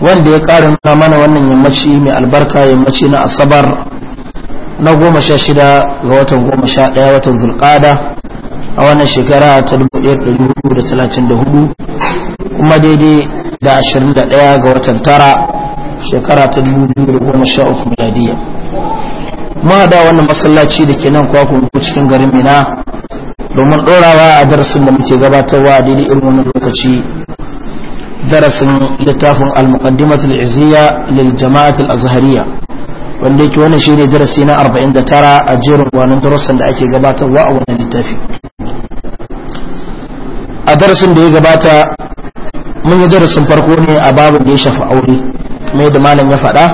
wanda ya ƙara nuna mana wannan yammaci mai albarka yammaci na asabar na goma sha shida ga watan goma sha ɗaya watan zulƙada a wannan shekara ta dubu da da talatin hudu, kuma daidai da ashirin da ɗaya ga watan tara shekara ta dubu biyu da uku miladiya ma da wannan masallaci da ke nan kwakwan cikin garin mina domin ɗorawa a darasin da muke gabatarwa a daidai irin wannan lokaci darasin littafin al-muqaddimatul izziya lil jama'atul azhariya wanda yake wannan shine darasi na 49 a jerin wanan darussan da ake gabatarwa a wannan littafi a darasin da ya gabata mun yi darasin farko ne a babin da ya shafi aure kuma yadda malam ya faɗa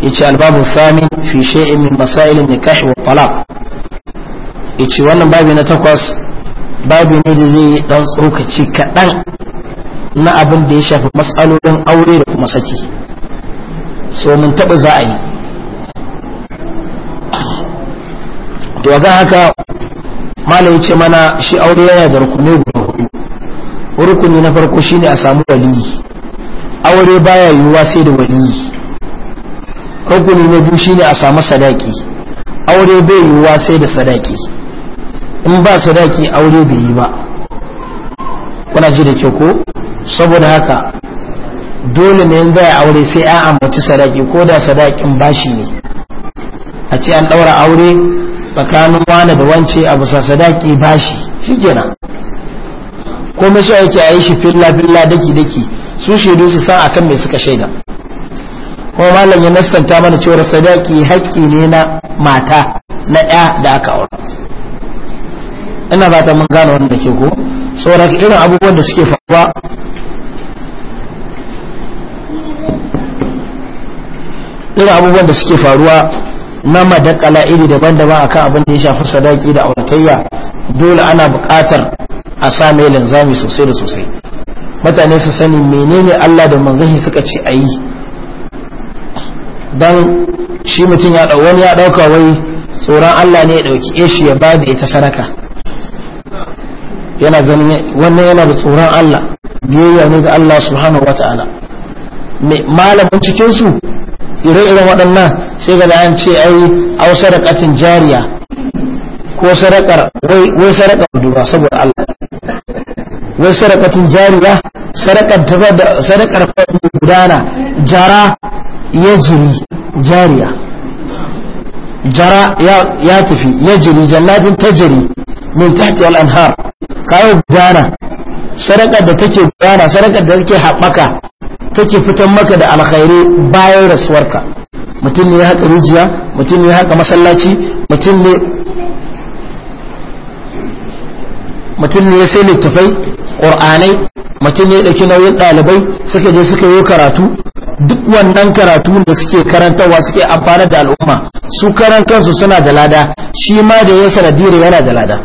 yace albabu thani fi shay'in min masail nikah wa talaq yace wannan babi na takwas babi ne da zai dan tsokaci kaɗan na abin da ya shafi matsalolin aure da kuma saki so mun taɓa za a yi to ga haka mala ya ce mana shi aure yana da rukuni guda hudu rukuni na farko shine a samu waliyi aure baya yiwuwa sai da waliyi rukuni na biyu shine a samu sadaki aure bai yiwuwa sai da sadaki in ba sadaki aure bai yi ba kuna ji da kyau ko saboda haka dole ne yanzu zai aure sai ya ambaci sadaki ko da sadakin bashi ne a ce an ɗaura aure tsakanin wani da wance a bisa sadaki bashi shi kenan mai shi yake a yi shi filla-filla daki-daki su shaidu su san akan mai suka shaida kuma malam ya nassanta mana cewar sadaki haƙƙi ne na mata na ya da aka aure ina ba ta mun gane wanda ke ko saboda irin abubuwan da suke faruwa irin abubuwan da suke faruwa na madakala iri daban-daban akan abin da ya shafi sadaki da auratayya dole ana buƙatar a sa mai linzami sosai da sosai mutane su sani menene Allah da manzahi suka ce a yi don shi mutum ya ɗau wani ya ɗauka wai tsoron Allah ne ya ɗauki eshi eh, ya ba ita sadaka yana ganin wannan yana da tsoron Allah biyayya ne ga Allah subhanahu wataala malamin cikin su ire-iren waɗannan sai ga an ce ai au sadaqatin jariya ko sadaqar wai wai sadaqar dura saboda Allah wai sadaqatin jariya ta da sadaqar gudana jara ya yajri jariya jara ya tafi yajri jannatin tajri min tahti al-anhar kayan gudana sadaka da take gudana sadaka da take haɓaka take fitan maka da alkhairai bayan rasuwarka mutum ne ya haƙa rijiya mutum ne ya haƙa masallaci mutum ne ya sai littafai ƙur'anai mutum ne ya ɗauki nauyin ɗalibai suka je suka yi karatu duk wannan karatu da suke karantarwa suke amfana da al'umma su karan suna da lada shi ma da ya sanadira yana da lada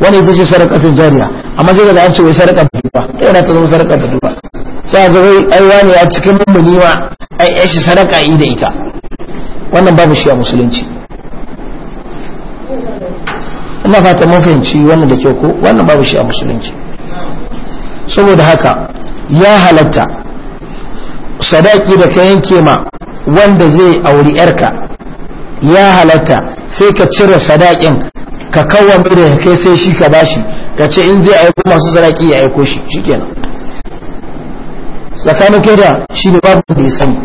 wani ita ce sarakatun jariya amma sai da an ce wai sarakar duba ta yana ta zama sarakar duba sai a zai ai wani a cikin mummuni ai ya shi saraka yi da ita wannan babu shi a musulunci ina fata mun fahimci wannan da kyau ko wannan babu shi a musulunci saboda haka ya halatta sadaki da ka yanke ma wanda zai auri yarka ya halatta sai ka cire sadakin ka kawo mai da kai sai shi ka bashi ka ce in zai aiko masu sadaki ya aiko shi shikenan tsakanin kai da shi ne babu da ya sani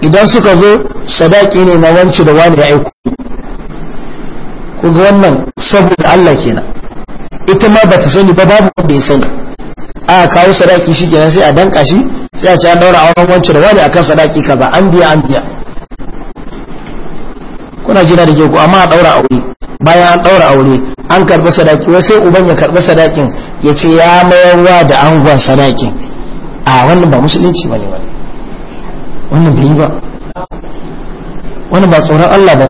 idan suka zo sadaki ne na wanci da wani ya aiko ku ga wannan saboda Allah kenan ita ma bata sani ba babu wanda ya sani a kawo sadaki shi kenan sai a danka shi sai a ci an daura a auren wanci da wani akan sadaki kaza an biya an biya kuna jina da ke ku amma a daura aure bayan an daura aure an karbi sadaki wai sai uban ya karbi sadakin ya ce ya mayarwa da angon sadakin a wannan ba musulunci bane ba wannan bai yi ba wannan ba tsoron Allah ba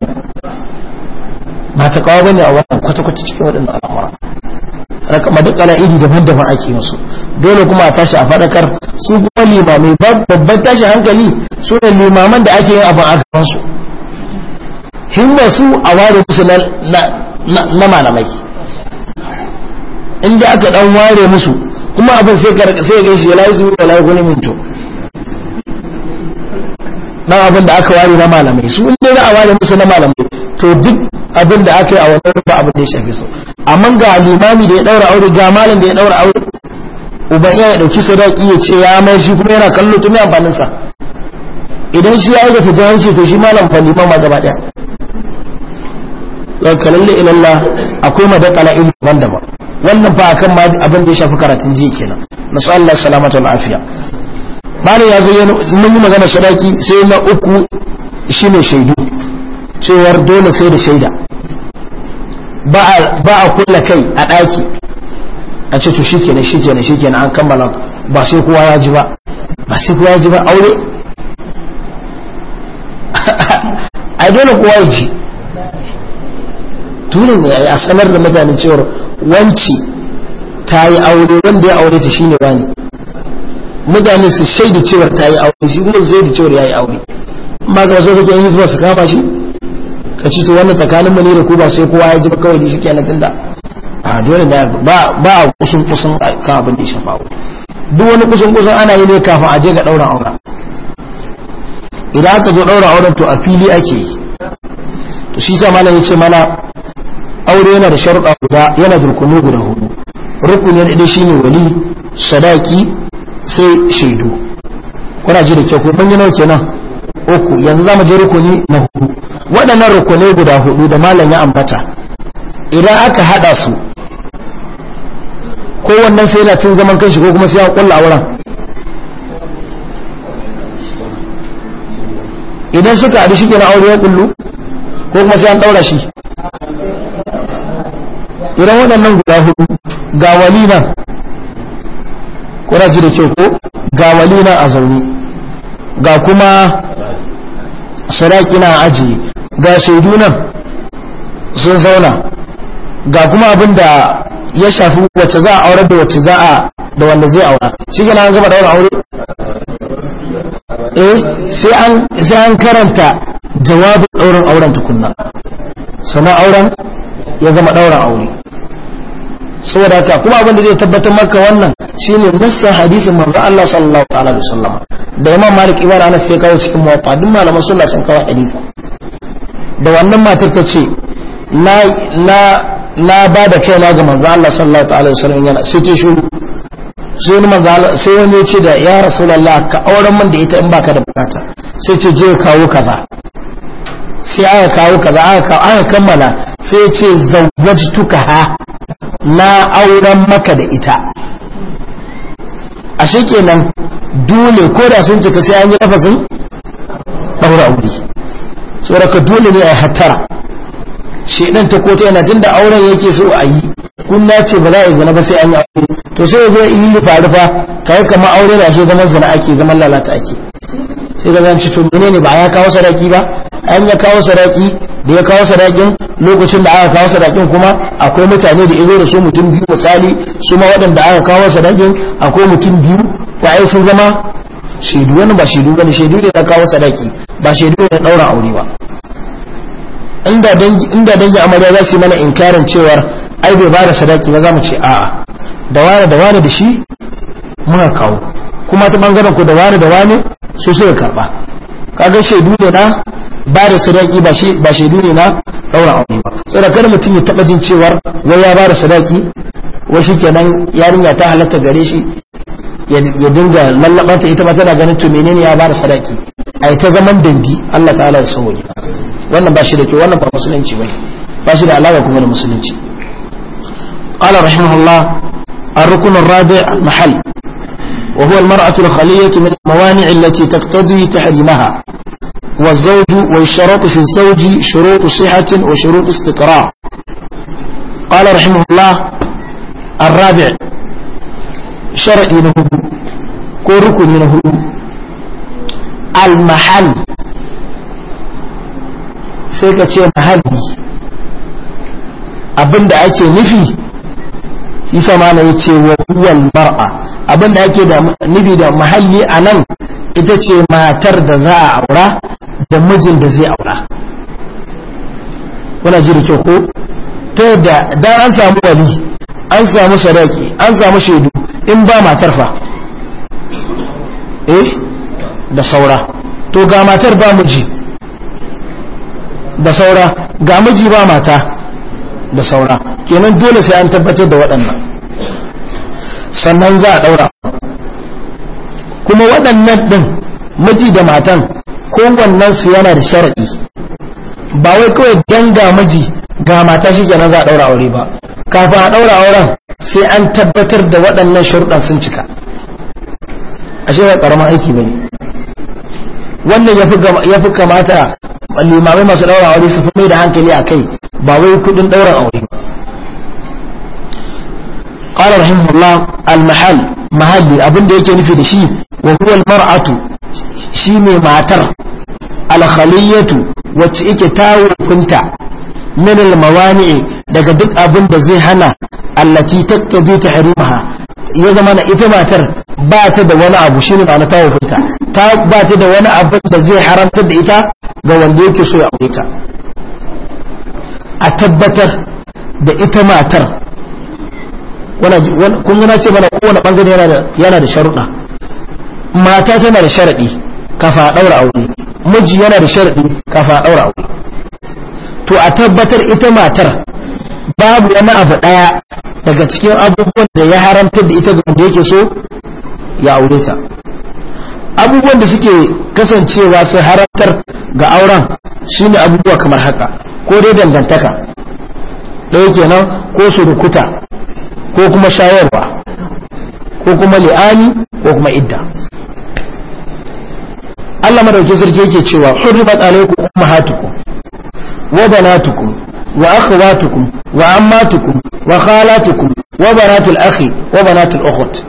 ba ta kawo bane a wannan kwata-kwata cikin waɗannan al'amura rakama duk ala'idi daban-daban ake musu dole kuma a tashi a faɗakar su kuma limamai babban tashi hankali su ne limaman da ake yin abin a gaban su. himma su a ware musu na malamai inda aka dan ware musu kuma abin sai ka sai ga shi la yusu da la yakunu minto na abin da aka ware na malamai su inda za a ware musu na malamai to duk abin da aka yi a wannan ba abin da ya shafe su amma ga limami da ya daura aure ga malam da ya daura aure uba ya dauki sadaki ya ce ya mai shi kuma yana kallo tuni amfanin sa idan shi ya aikata jahanci to shi malam fa liman ma gaba daya zan kalalle ilallah akwai madakala in daban daban wannan a kan ma abin da ya shafi karatun ji kenan nasu Allah salamata wal afiya bani ya zai mun yi magana sadaki sai na uku shine shaidu cewar dole sai da shaida ba a kulla kai a ɗaki a ce to shikenan shikenan shikenan an kammala ba sai kowa ya ji ba ba sai kowa ya ji ba aure ai dole kowa ya ji dole ne a sanar da mutane cewar wanci ta yi aure wanda ya aure ta shine wani mutane su shaida cewar ta yi aure shi kuma zai da cewar ya yi aure ba ga wasu kake yin hizba su kafa shi ka ci to wannan tsakanin mu ne da ku ba sai kowa ya ji ba kawai da shi kenan tunda a dole ne ba ba a kusun kusun ka abin da ya shafa duk wani kusun kusun ana yi ne kafin a je ga daura aure idan aka zo daura auren to a fili ake yi to shi sa malam ya ce mana aure yana da sharuɗa guda yana da rukuni guda hudu rukuni na ɗaya shine wali sadaki sai shaidu kuna ji da kyau ko ban yana kenan uku yanzu zamu je rukuni na hudu waɗannan rukuni guda hudu da malam ya ambata idan aka hada su ko wannan sai yana cin zaman kanshi ko kuma sai ya kulla auren idan suka hadu shi ke aure ya kullu ko kuma sai an ɗaura shi idan waɗannan guda hudu ga wali nan kuna ji da kyau ko ga wali nan a zaune ga kuma sadaki na aji ga shaidu nan sun zauna ga kuma abin da ya shafi wacce za a aure da wacce za a da wanda zai aura shi gina an gaba wani aure eh sai an karanta jawabin auren auren tukunna sannan auren ya zama ɗaurin aure saboda ka kuma abin da zai tabbatar maka wannan shine nassa hadisin manzo Allah sallallahu ta'ala alaihi wasallam da Imam Malik ibn Anas sai kawo cikin muwatta duk malaman sunna sun kawo hadisi da wannan matar ta ce na na na ba da kaina ga manzo Allah sallallahu ta'ala alaihi wasallam yana sai ta shuru sai wani manzo Allah sai wani ya ce da ya rasulullah ka auren man da ita in baka da bukata sai ce je kawo kaza sai aka kawo kaza aka kammala sai ya ce zawajtuka ha na auren maka da ita a nan, dole ko da sun cika sai an yi lafazin daura aure tsoraka dole ne a hattara shedan ta kota yana tunda auren yake so a yi kunna ce ba za a yi zana ba sai an yi aure to sai zo yi rufa ka kai kamar aure da shi zaman zana ake zaman lalata ake sai ga zan ci to menene ba ya kawo sadaki ba an ya kawo sadaki da ya kawo sadakin lokacin da aka kawo sadakin kuma akwai mutane da izo da su mutum biyu misali su ma waɗanda aka kawo sadakin akwai mutum biyu waye sun zama shaidu wani ba shaidu bane shaidu ne na kawo sadaki ba shaidu ne na ɗaura aure ba inda dangi amarya za su yi mana inkarin cewar ai bai bada sadaki ba za mu ce a'a da wani da wani da shi muna kawo kuma ta bangaren ku da wani da wani su suka karba kaga shaidu ne na ba da sadaki ba shaidu ne na daura aure ba saboda kar mutum ya taɓa jin cewar wai ya ba da sadaki wai kenan yarinya ta halatta gare shi ya dinga lallaban ta ita ba tana ganin to menene ya ba da sadaki ai ta zaman dandi Allah ta'ala ya sauke wannan ba shi da kyau wannan ba musulunci bane ba shi da alaka kuma da musulunci قال رحمه الله الركن الرابع المحل وهو المرأة الخلية من الموانع التي تقتضي تحريمها والزوج والشرط في الزوج شروط صحة وشروط استقرار قال رحمه الله الرابع شرعي له كورك منه المحل سيكتير محلي أبن ake نفي yasa ma na yace wa huwal mar'a abinda ake da nubi da mahalli anan ita ce matar da za a aura da mijin da zai aura kuna ji da kyau ko ta yadda da an samu wali an samu sadaki an samu shaidu in ba matar fa eh da saura to ga matar ba miji da saura ga miji ba mata da saura kenan dole sai an tabbatar da waɗannan sannan za a ɗaura kuma waɗannan ɗin miji da matan kowannen su yana da sharaɗi ba wai kawai don ga miji ga mata shi kenan za a ɗaura aure ba kafin a ɗaura auren sai an tabbatar da waɗannan sharuɗan sun cika ashe ba ƙaramin aiki ba ne wannan ya fi kamata limamai masu daura aure su fi mai da hankali a kai ba wai kudin daura aure قال رحمه الله المحل abin da yake nufi da shi wa huwa almar'atu shi mai matar alkhaliyatu wacce yake tawufinta min almawani daga duk abin da zai hana allati ta tahrimaha ya zama na ita matar ba ta da wani abu ne ba na tawo ta ba ta da wani abu da zai haramtar da ita ga wanda yake so ya aure ta a tabbatar da ita matar kun gana ce mana kowane bangare yana da sharuɗa mata tana da sharaɗi kafa a ɗaura aure miji yana da sharaɗi kafa a ɗaura aure to a tabbatar ita matar babu wani abu daya daga cikin abubuwan da ya haramta da ita ga yake so ya aure ta abubuwan da suke kasancewa su haramtar ga auren shine abubuwa kamar haka ko dai dangantaka ɗaya kenan ko surukuta ko kuma shayarwa ko kuma li'ani ko kuma idda Allah madauki sarki yake cewa hurribat alaikum ummahatukum wa banatukum وأخواتكم وعماتكم وخالاتكم وبنات الأخي وبنات الأخت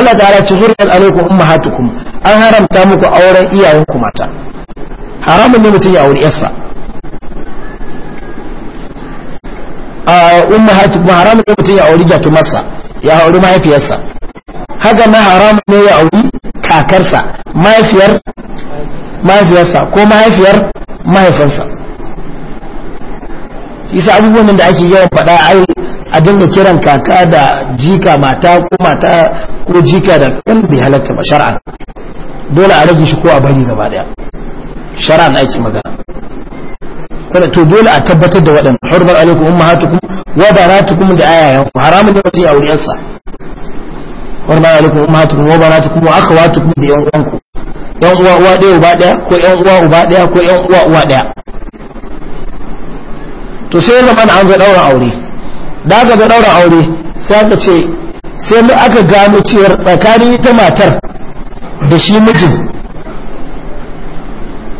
الله تعالى تزور عليكم أمهاتكم أهرم تامكم أورا إياهكم أتا هرم أن يمتني أول إسا آه، أمهاتكم حرام أن يمتني أول إجاة مسا يا أول ما يفي إسا هذا ما هرم أن يمتني أول كاكرسا ما يفير ما يفير كو ما يفير ما يفنسا isa abubuwan da ake yawan faɗa ai a dinga kiran kaka da jika mata ko mata ko jika da kan bai halatta ba shar'an dole a rage shi ko a bari gaba daya na ake magana kuma to dole a tabbatar da waɗannan hurmar alaikum ummahatukum wa baratukum da ayayan ku haramun ne mutum ya aure yarsa hurmar alaikum ummahatukum wa baratukum wa akhawatukum da yan uwanku yan uwa uwa daya uba daya ko yan uwa uba daya ko yan uwa uwa daya to sai ya zama da an ga daura aure da aka ga daura aure sai aka ce sai mu aka gano cewar tsakanin ita matar da shi mijin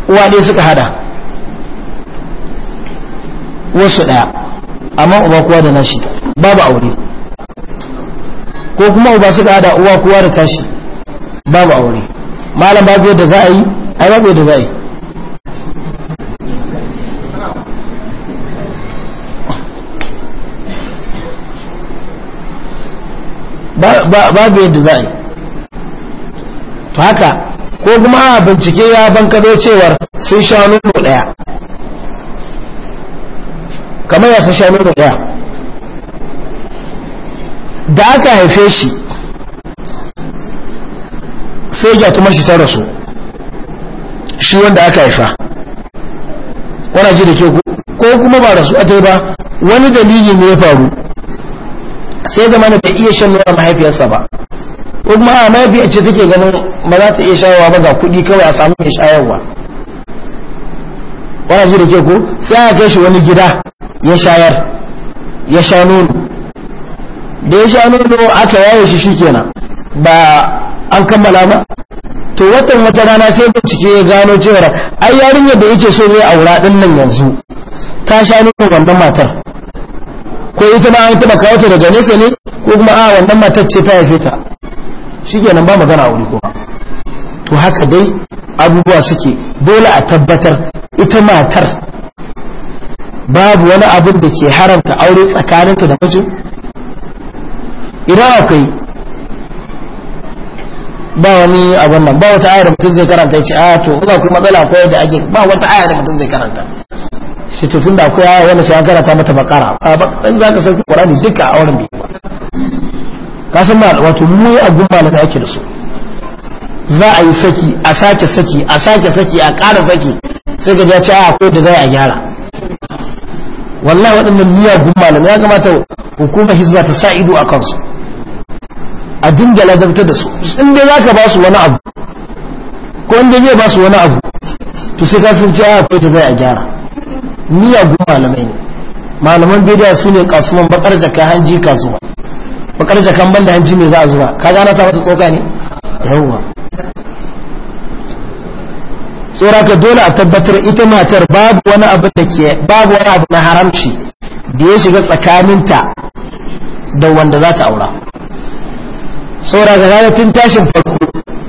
uwa ɗaya suka hada wasu ɗaya amma uba kowa da nashi babu aure ko kuma uba suka hada uwa kowa da tashi babu aure malam babu yadda za a yi ai babu yadda za a yi babu yadda za a yi to haka ko kuma a bincike ya bankado cewar sun sha nuno daya kamar ya sun sha nuno daya da aka haife shi sai ya kuma shi tara su shi wanda aka haifa ji da ke ko kuma ba rasu a ba wani dalili ne ya faru sai da mana bai iya shan nuna mahaifiyarsa ba ko kuma a mahaifiyarci ce take ganin ba za ta iya shayarwa ba ga kuɗi kawai a samu mai shayarwa wani ji da ke ko sai a kai shi wani gida ya shayar ya sha nono da ya sha nono aka yaye shi shikenan ba an kammala ba to watan wata rana sai bincike ya gano cewa ai yarinyar da yake so zai aura din nan yanzu ta sha nono wannan matar ko ita ma an taba kawo ta daga nesa ne ko kuma a wannan matar ce ta haife ta shikenan ba magana wuri kuma to haka dai abubuwa suke dole a tabbatar ita matar babu wani abin da ke haramta aure tsakaninta da mijin idan akwai ba wani abin nan ba wata ayar mutum zai karanta ya ce a ah, to ina kuma matsala akwai yadda ake ba wata ayar mutum zai karanta shi da akwai yawa wanda sai an karanta mata bakara a bakan za ka sauki ƙwarani duka a wurin biyu ka san wato mu a gumba na ake da su za a yi saki a sake saki a sake saki a ƙara saki sai ka ja ce a akwai da za a gyara wallahi waɗannan gumba na ya kamata hukumar hizba ta sa ido a kansu a dinga ladabtar da su in dai za ka ba su wani abu ko in dai zai ba su wani abu to sai ka san ce a akwai da za a gyara miyagun malamai ne malaman bidiya su ne kasuwan bakar jaka hanji kasuwa bakar jakan ban da hanji mai za a zuba ka gana sa mata tsoka ne yawwa tsora ka dole a tabbatar ita matar babu wani abu da ke babu wani abu na haramci da ya shiga tsakaninta da wanda za ta aura saura ga tun tashin farko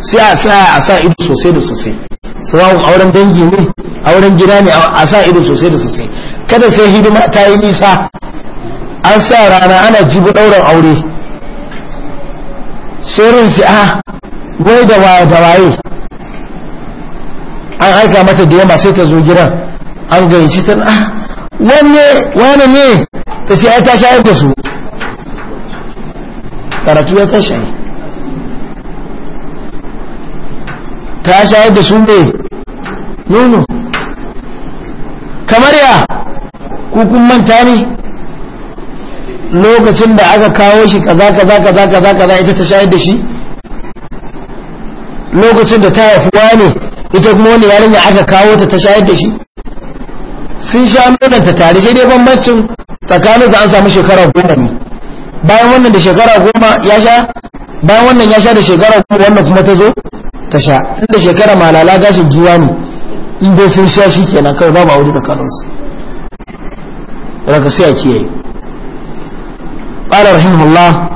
sai a tsaya a sa ido sosai da sosai sawawun auren dangi ne auren gida ne a sa ido sosai da sosai kada sai hidima ta yi nisa an sa rana ana jibi ɗaurin aure sauran ci a ah, wai da waye da waye an aika mata da yamma sai ta zo gidan an gayyaci ta a ah, wanne wane ne ta ce ai ta shayar da su karatu ya ta shayar ta shayar da su nono kamar ya kukun manta ne lokacin da aka kawo shi kaza kaza kaza kaza kaza ita ta shayar da shi lokacin da ta haifuwa ne ita kuma wani yarinya aka kawo ta ta shayar da shi sun sha ta tare sai dai bambancin tsakanin za an samu shekara goma ne bayan wannan da shekara goma ya sha bayan wannan ya sha da shekara goma wannan kuma ta zo ta inda shekara malala gashin giwa ne in dai sun sha shi kenan kawai babu aure su daga sai a kiyaye ƙarar rahimahullah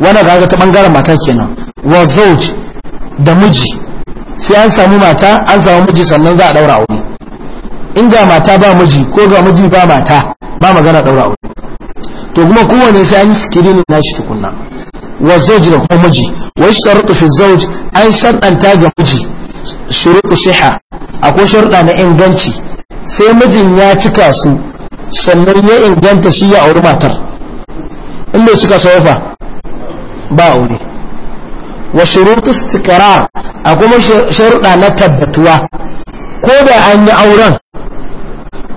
wanda ga ta ɓangaren mata kenan wa zauj da miji sai an samu mata an samu miji sannan za a ɗaura aure in ga mata ba miji ko ga miji ba mata ba magana ɗaura aure to kuma kowane sai an yi na nashi tukunna wa zawji da kuma miji wa yashtaratu fi zawj an sharɗanta ga miji shurutu siha akwai sharuɗa na inganci sai mijin ya cika su sannan ya inganta shi ya auri matar in bai cika su fa ba aure wa shurutu istikrar akwai sharuɗa na tabbatuwa ko da anyi yi auren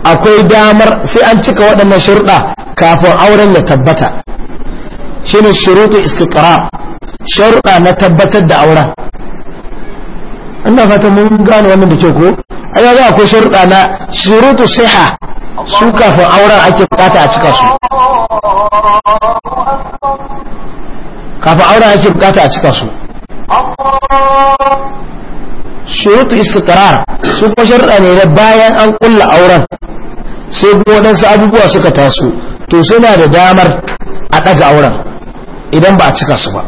akwai damar sai an cika waɗannan sharuɗa kafin auren ya tabbata shine shurutu istikara sharuɗa na tabbatar da auren ina fata mun gano wannan da ke ko ai yanzu akwai sharuɗa na shurutu siha su kafin auren ake bukata a cika su kafin auren ake bukata a cika su shurutu istiqrar su kuma sharuɗa ne na bayan an kulla auren sai kuma waɗansu abubuwa suka taso to suna da damar a ɗaga auren idan ba a cika su ba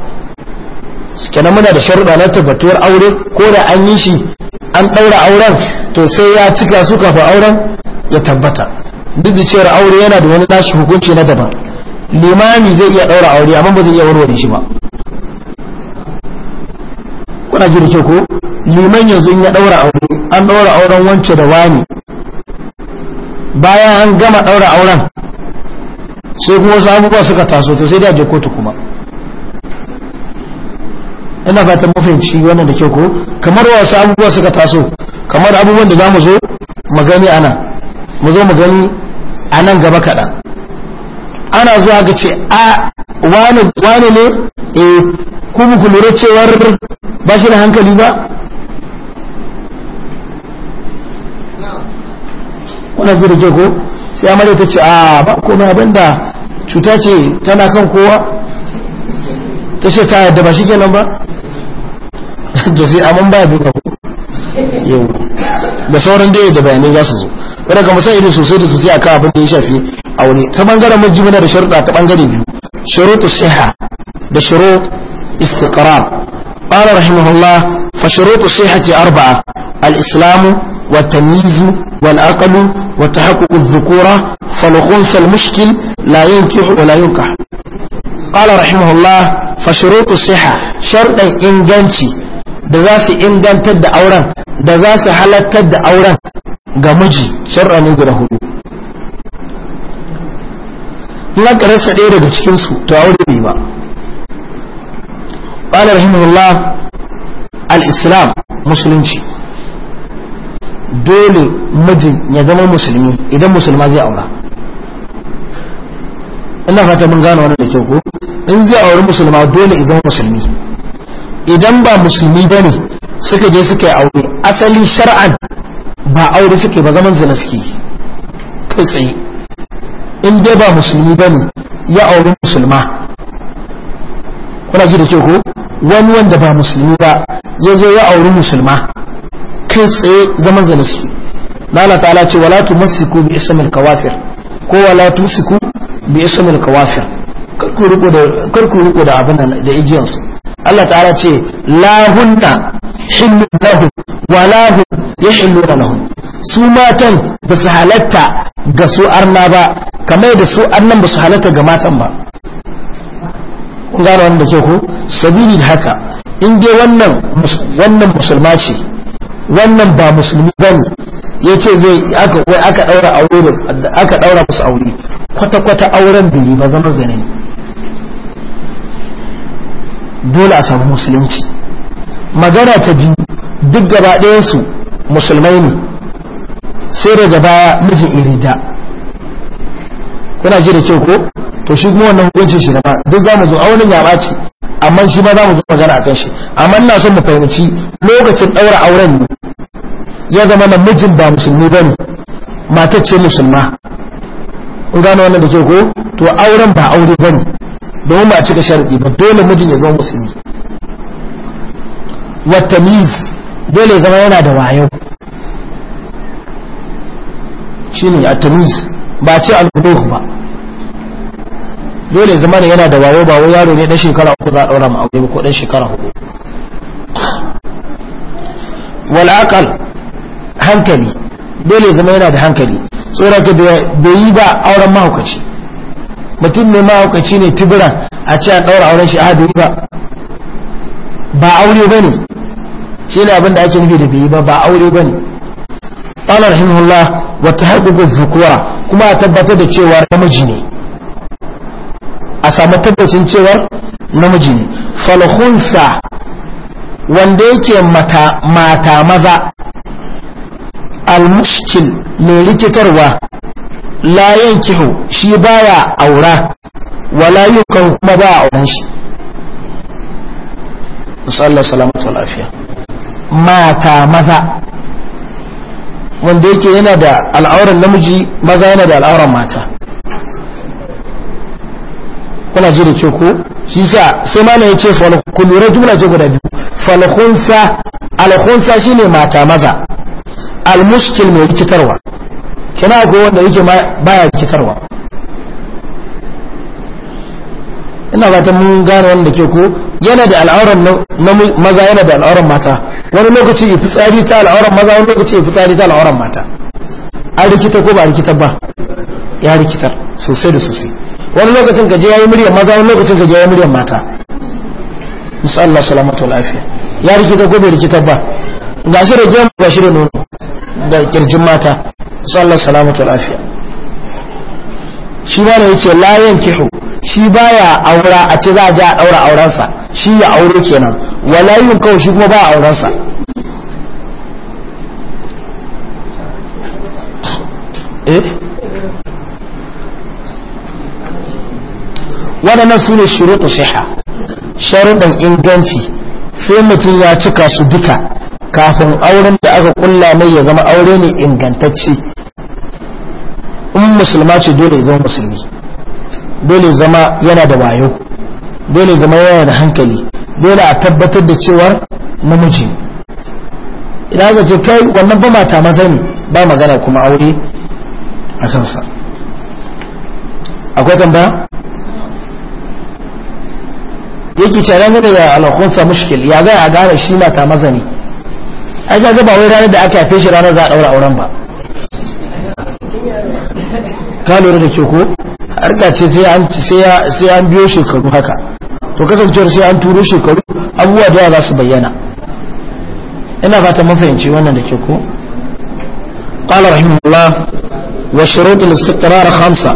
kenan muna da sharuɗa na tabbatuwar aure ko da an yi shi an ɗaura auren to sai ya cika su kafin auren ya tabbata duk da cewar aure yana da wani nashi hukunci na daban limami zai iya ɗaura aure amma ba zai iya warware shi ba kuna ji da kyau ko liman yanzu in ya ɗaura aure an ɗaura auren wance da wani bayan an gama ɗaura auren sai kuma wasu abubuwa suka taso to sai da je kotu kuma ina fatan mafahimci wannan da ke ko kamar wasu abubuwa suka taso kamar abubuwan da za mu zo magani ana mu zo magani a nan gaba kaɗan ana zuwa ga ce a wane ne e eh, kuma ku lura cewar ba shi da hankali ba wannan zai da ke ko sai amarya ta ce a ba komai abinda cuta ce tana kan kowa ta ce ta yadda ba shi kenan ba to sai amon ba duka ko yau da sauran da da bayanai za su zo kada ka musa irin sosai da sosai akan abin da ya shafi a wani ta bangaren mun da sharuɗa ta bangare biyu shurutu siha da shurut istiqrar قال رحمه الله فشروط الصحة أربعة الإسلام والتمييز والعقل وتحقق الذكورة فالخنث المشكل لا ينكح ولا ينكح qala rahimahullah fa shurutu siha sharɗin inganci da za su ingantar da auren da za su halattar da auren ga miji sharɗa guda hudu na karasa ɗaya daga cikinsu to aure bai ba qala rahimahullah al-islam musulunci dole mijin ya zama musulmi idan musulma zai aura ina fata mun gane wannan da kyau ko in zai auri musulma dole zama musulmi idan ba musulmi bane suka je suka yi aure asali shar'an ba aure suke ba zaman zina suke kai tsaye in dai ba musulmi bane ya auri musulma kuna ji da kyau ko wani wanda ba musulmi ba ya zo ya auri musulma kai tsaye zaman zina suke lala ta'ala ce wala tu masiku bi ismil kawafir ko wala tu siku bi ismul kawafir karku riko da abin da igiyansu Allah ta'ala ce lahunna hillu lahum wa lahum yahilluna lahum su matan ba su halatta ga su arna ba kamar da su annan ba su halatta ga matan ba kun gano wanda ke ko sabili da haka in wannan wannan musulma ce wannan ba musulmi bane ya ce zai aka wai aka daura aure aka daura musu aure kwata kwata auren bai ba zama zane dole a samu musulunci magana ta biyu duk gaba ɗayan su musulmai ne sai daga baya mijin irida kuna ji da kyau ko to shi kuma wannan hukuncin shi gaba duk za mu zo auren ya ɓaci amma shi ba za mu zo magana akan shi amma ina son mu fahimci lokacin daura auren ne ya zama namijin mijin ba musulmi ba ne matacce ce musulma in gano wannan da ke ko to auren ba aure ba ne domin ba a cika sharaɗi ba dole mijin ya zama musulmi wata dole dole zama yana da wayo shi ne a ba ce al'uduh ba dole zama ne yana da wayo ba wai yaro ne ɗan shekara uku za a ɗaura ma aure ko ɗan shekara hudu wal'akal hankali dole zama yana da hankali tsora ka bai yi ba auren mahaukaci mutum mai mahaukaci ne tibira a ce an ɗaura auren shi a bai yi ba ba aure ba ne shi ne abinda ake nufi da bai yi ba ba aure ba ne ƙwalar rahimahullah wata haɗuɓin zukuwa kuma a tabbatar da cewa namiji ne a samu tabbacin cewar namiji ne falhunsa wanda yake mata maza Almushkin mai rikitarwa la yankihu shi baya aura wala yukan kuma ba a auren shi musallar salamatu lafiya mata maza wanda yake yana da al'auran namiji maza yana da al'auran mata kuna ji da ko shi sa sai mana ya ce falkulura jumla ce guda biyu falkunsa shi ne mata maza al mai rikitarwa kina ko wanda yake baya rikitarwa ina fatan mun gane wanda ke ko yana da al'auran na maza yana da al'auran mata wani lokaci ya fitsari ta al'auran maza wani lokaci ya fitsari ta al'auran mata an rikita ko ba rikitar ba ya rikitar sosai da sosai wani lokacin gaje ya yi murya, maza wani lokacin gaje ya yi murya mata musallar salamatu lafiya ya rikita ko bai rikitar ba ga shi da gemu ga shi da nono da kirjin mata sallar salamatu lafiya shi ba da yace layan kihu shi baya aura a ce za a ja a daura aurensa shi ya aure kenan wala yin kawai shi kuma ba aurensa eh waɗannan su ne shirutu shiha sharuɗan inganci sai mutum ya cika su duka kafin auren da aka kulla mai ya zama aure ne ingantacce in musulma ce dole ya zama musulmi dole zama yana da wayo dole zama yana da hankali dole a tabbatar da cewar namiji idan aka ce kai wannan ba mata maza ne ba magana kuma aure a kansa akwai tambaya yake tare da ya alkhunsa mushkil ya ga a gane shi mata maza ne ai ga ba wai ranar da aka haife shi ranar za a daura auren ba ka lura da ke ko ce sai an biyo shekaru haka to kasancewar sai an turo shekaru abubuwa da za su bayyana ina fata mafahimci wannan da ke ko قال رحمه الله وشروط الاستقرار خمسة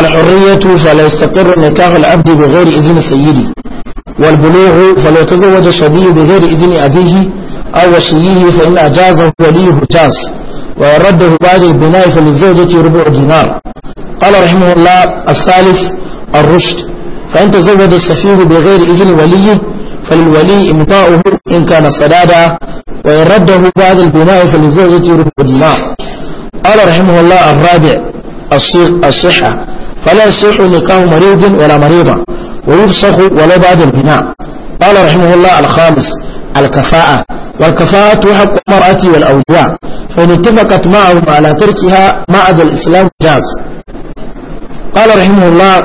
الحرية فلا يستقر نكاح العبد بغير إذن سيدي والبلوغ فلا يتزوج الشبي بغير إذن أبيه أو وصيه فإن أجازه وليه جاز ويرده بعد البناء فللزوجة ربع دينار قال رحمه الله الثالث الرشد فإن تزوج السفيه بغير إذن وليه فللولي إمتاؤه إن كان صدادا وإن رده بعد البناء فللزوجة ربع دينار قال رحمه الله الرابع الصحة فلا يصح نكاه مريض ولا مريضة ويفسخ ولا بعد البناء قال رحمه الله الخامس الكفاءة والكفاءة حق المرأة والأولياء فإن اتفقت معهم على تركها مع الإسلام جاز قال رحمه الله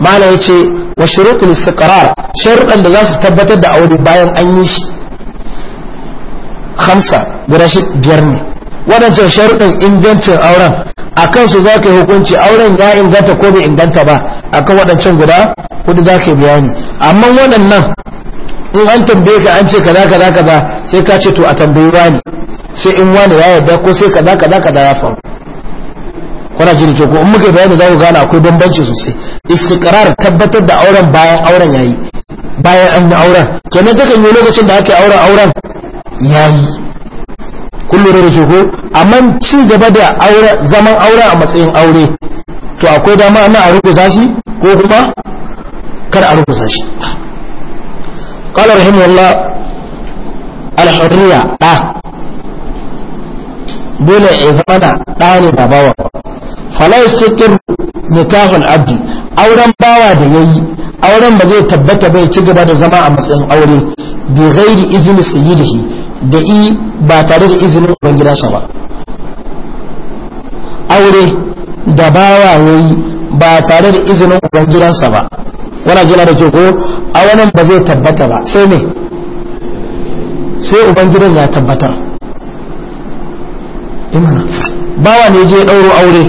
ما لا يتي وشروط الاستقرار شرط أن لا ستبت دعوة باين أنيش خمسة برشد بيرني wadancan sharuɗin ingancin auren a kansu za ka yi hukunci auren ya inganta ko bai inganta ba a kan waɗancan guda hudu za ka yi bayani amma waɗannan in an tambaye ka an ce kaza kaza kaza sai ka ce to a tambayi wani sai in wani ya yarda ko sai kaza kaza kaza ya faru kuna jin to ko in muka bayani za ku gane akwai bambanci sosai istiqrar tabbatar da auren bayan auren yayi bayan an yi auren kenan dukan yi lokacin da ake auren auren yayi kun lura da ko amma ci gaba da aure zaman aure a matsayin aure to akwai dama ana a rubuta shi ko kuma kar a rubuta shi قال رحمه الله الحرية آه dole ya zama da ne da bawa fala istiqir nikahul abdi auren bawa da yayi auren ba zai tabbata bai ci gaba da zama a matsayin aure bi ghairi izni sayyidihi da i ba tare da izinin ubangidansa ba aure da bawa yayi ba tare da izinin ubangidansa ba wana jina da ke ko wani ba zai tabbata ba sai ne sai ubangidan ya tabbatar imana bawa ne je ɗauro aure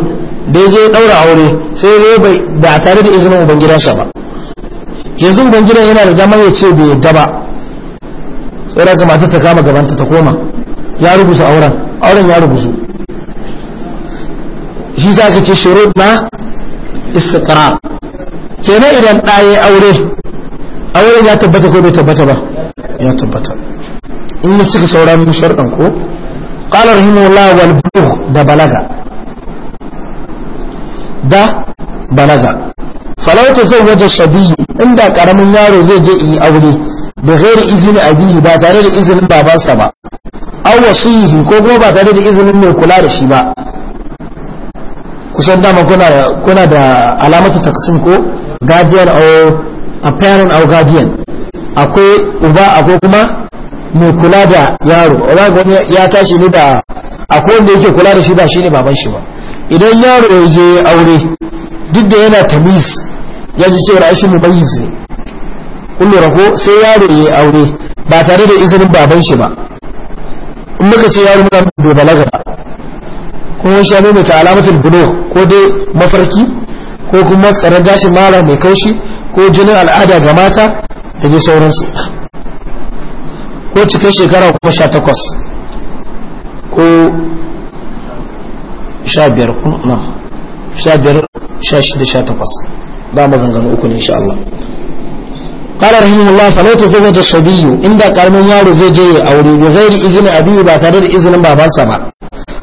da ya je ɗaura aure sai ne bai ba tare da izinin ubangidansa ba yanzu ubangidan yana da dama ya ce bai yadda ba sai da kamata ta kama gabanta ta koma ya rubuta auren auren ya rubuta shi za ka ce shuru na istiqrar kenan idan ɗaya aure aure ya tabbata ko bai tabbata ba ya tabbata in ya cika sauran shar'an ko qala rahimahullah wal bugh da balaga da balaga falau ta zai waje shabihi inda karamin yaro zai je yi aure da ghairi izini abihi ba tare da izinin babansa ba aw wasihi ko kuma ba tare da izinin mai kula da shi ba kusan dama kuna da alamatu taksim ko guardian or a parent or guardian akwai uba akwai kuma mai kula da yaro za ga wani ya tashi ne da akwai wanda yake kula da shi ba shine baban shi ba idan yaro ya je aure duk da yana tamiz ya ji cewa shi mubayyiz ne kullu rako sai yaro ya aure ba tare da izinin baban shi ba in muka ce yaro muna bai balaga ba kuma shi ne ta alamatul bulo ko dai mafarki ko kuma tsaron gashin mara mai kaushi ko jinin al'ada ga mata da dai sauransu ko cikin shekara kuma sha takwas ko sha biyar na sha biyar sha shida sha takwas ba maganganu uku ne insha Allah قال رحمه الله فلو تزوج shabiyu inda قرمن yaro zai je ya aure bi ghairi a biyu ba tare da izinin babansa ba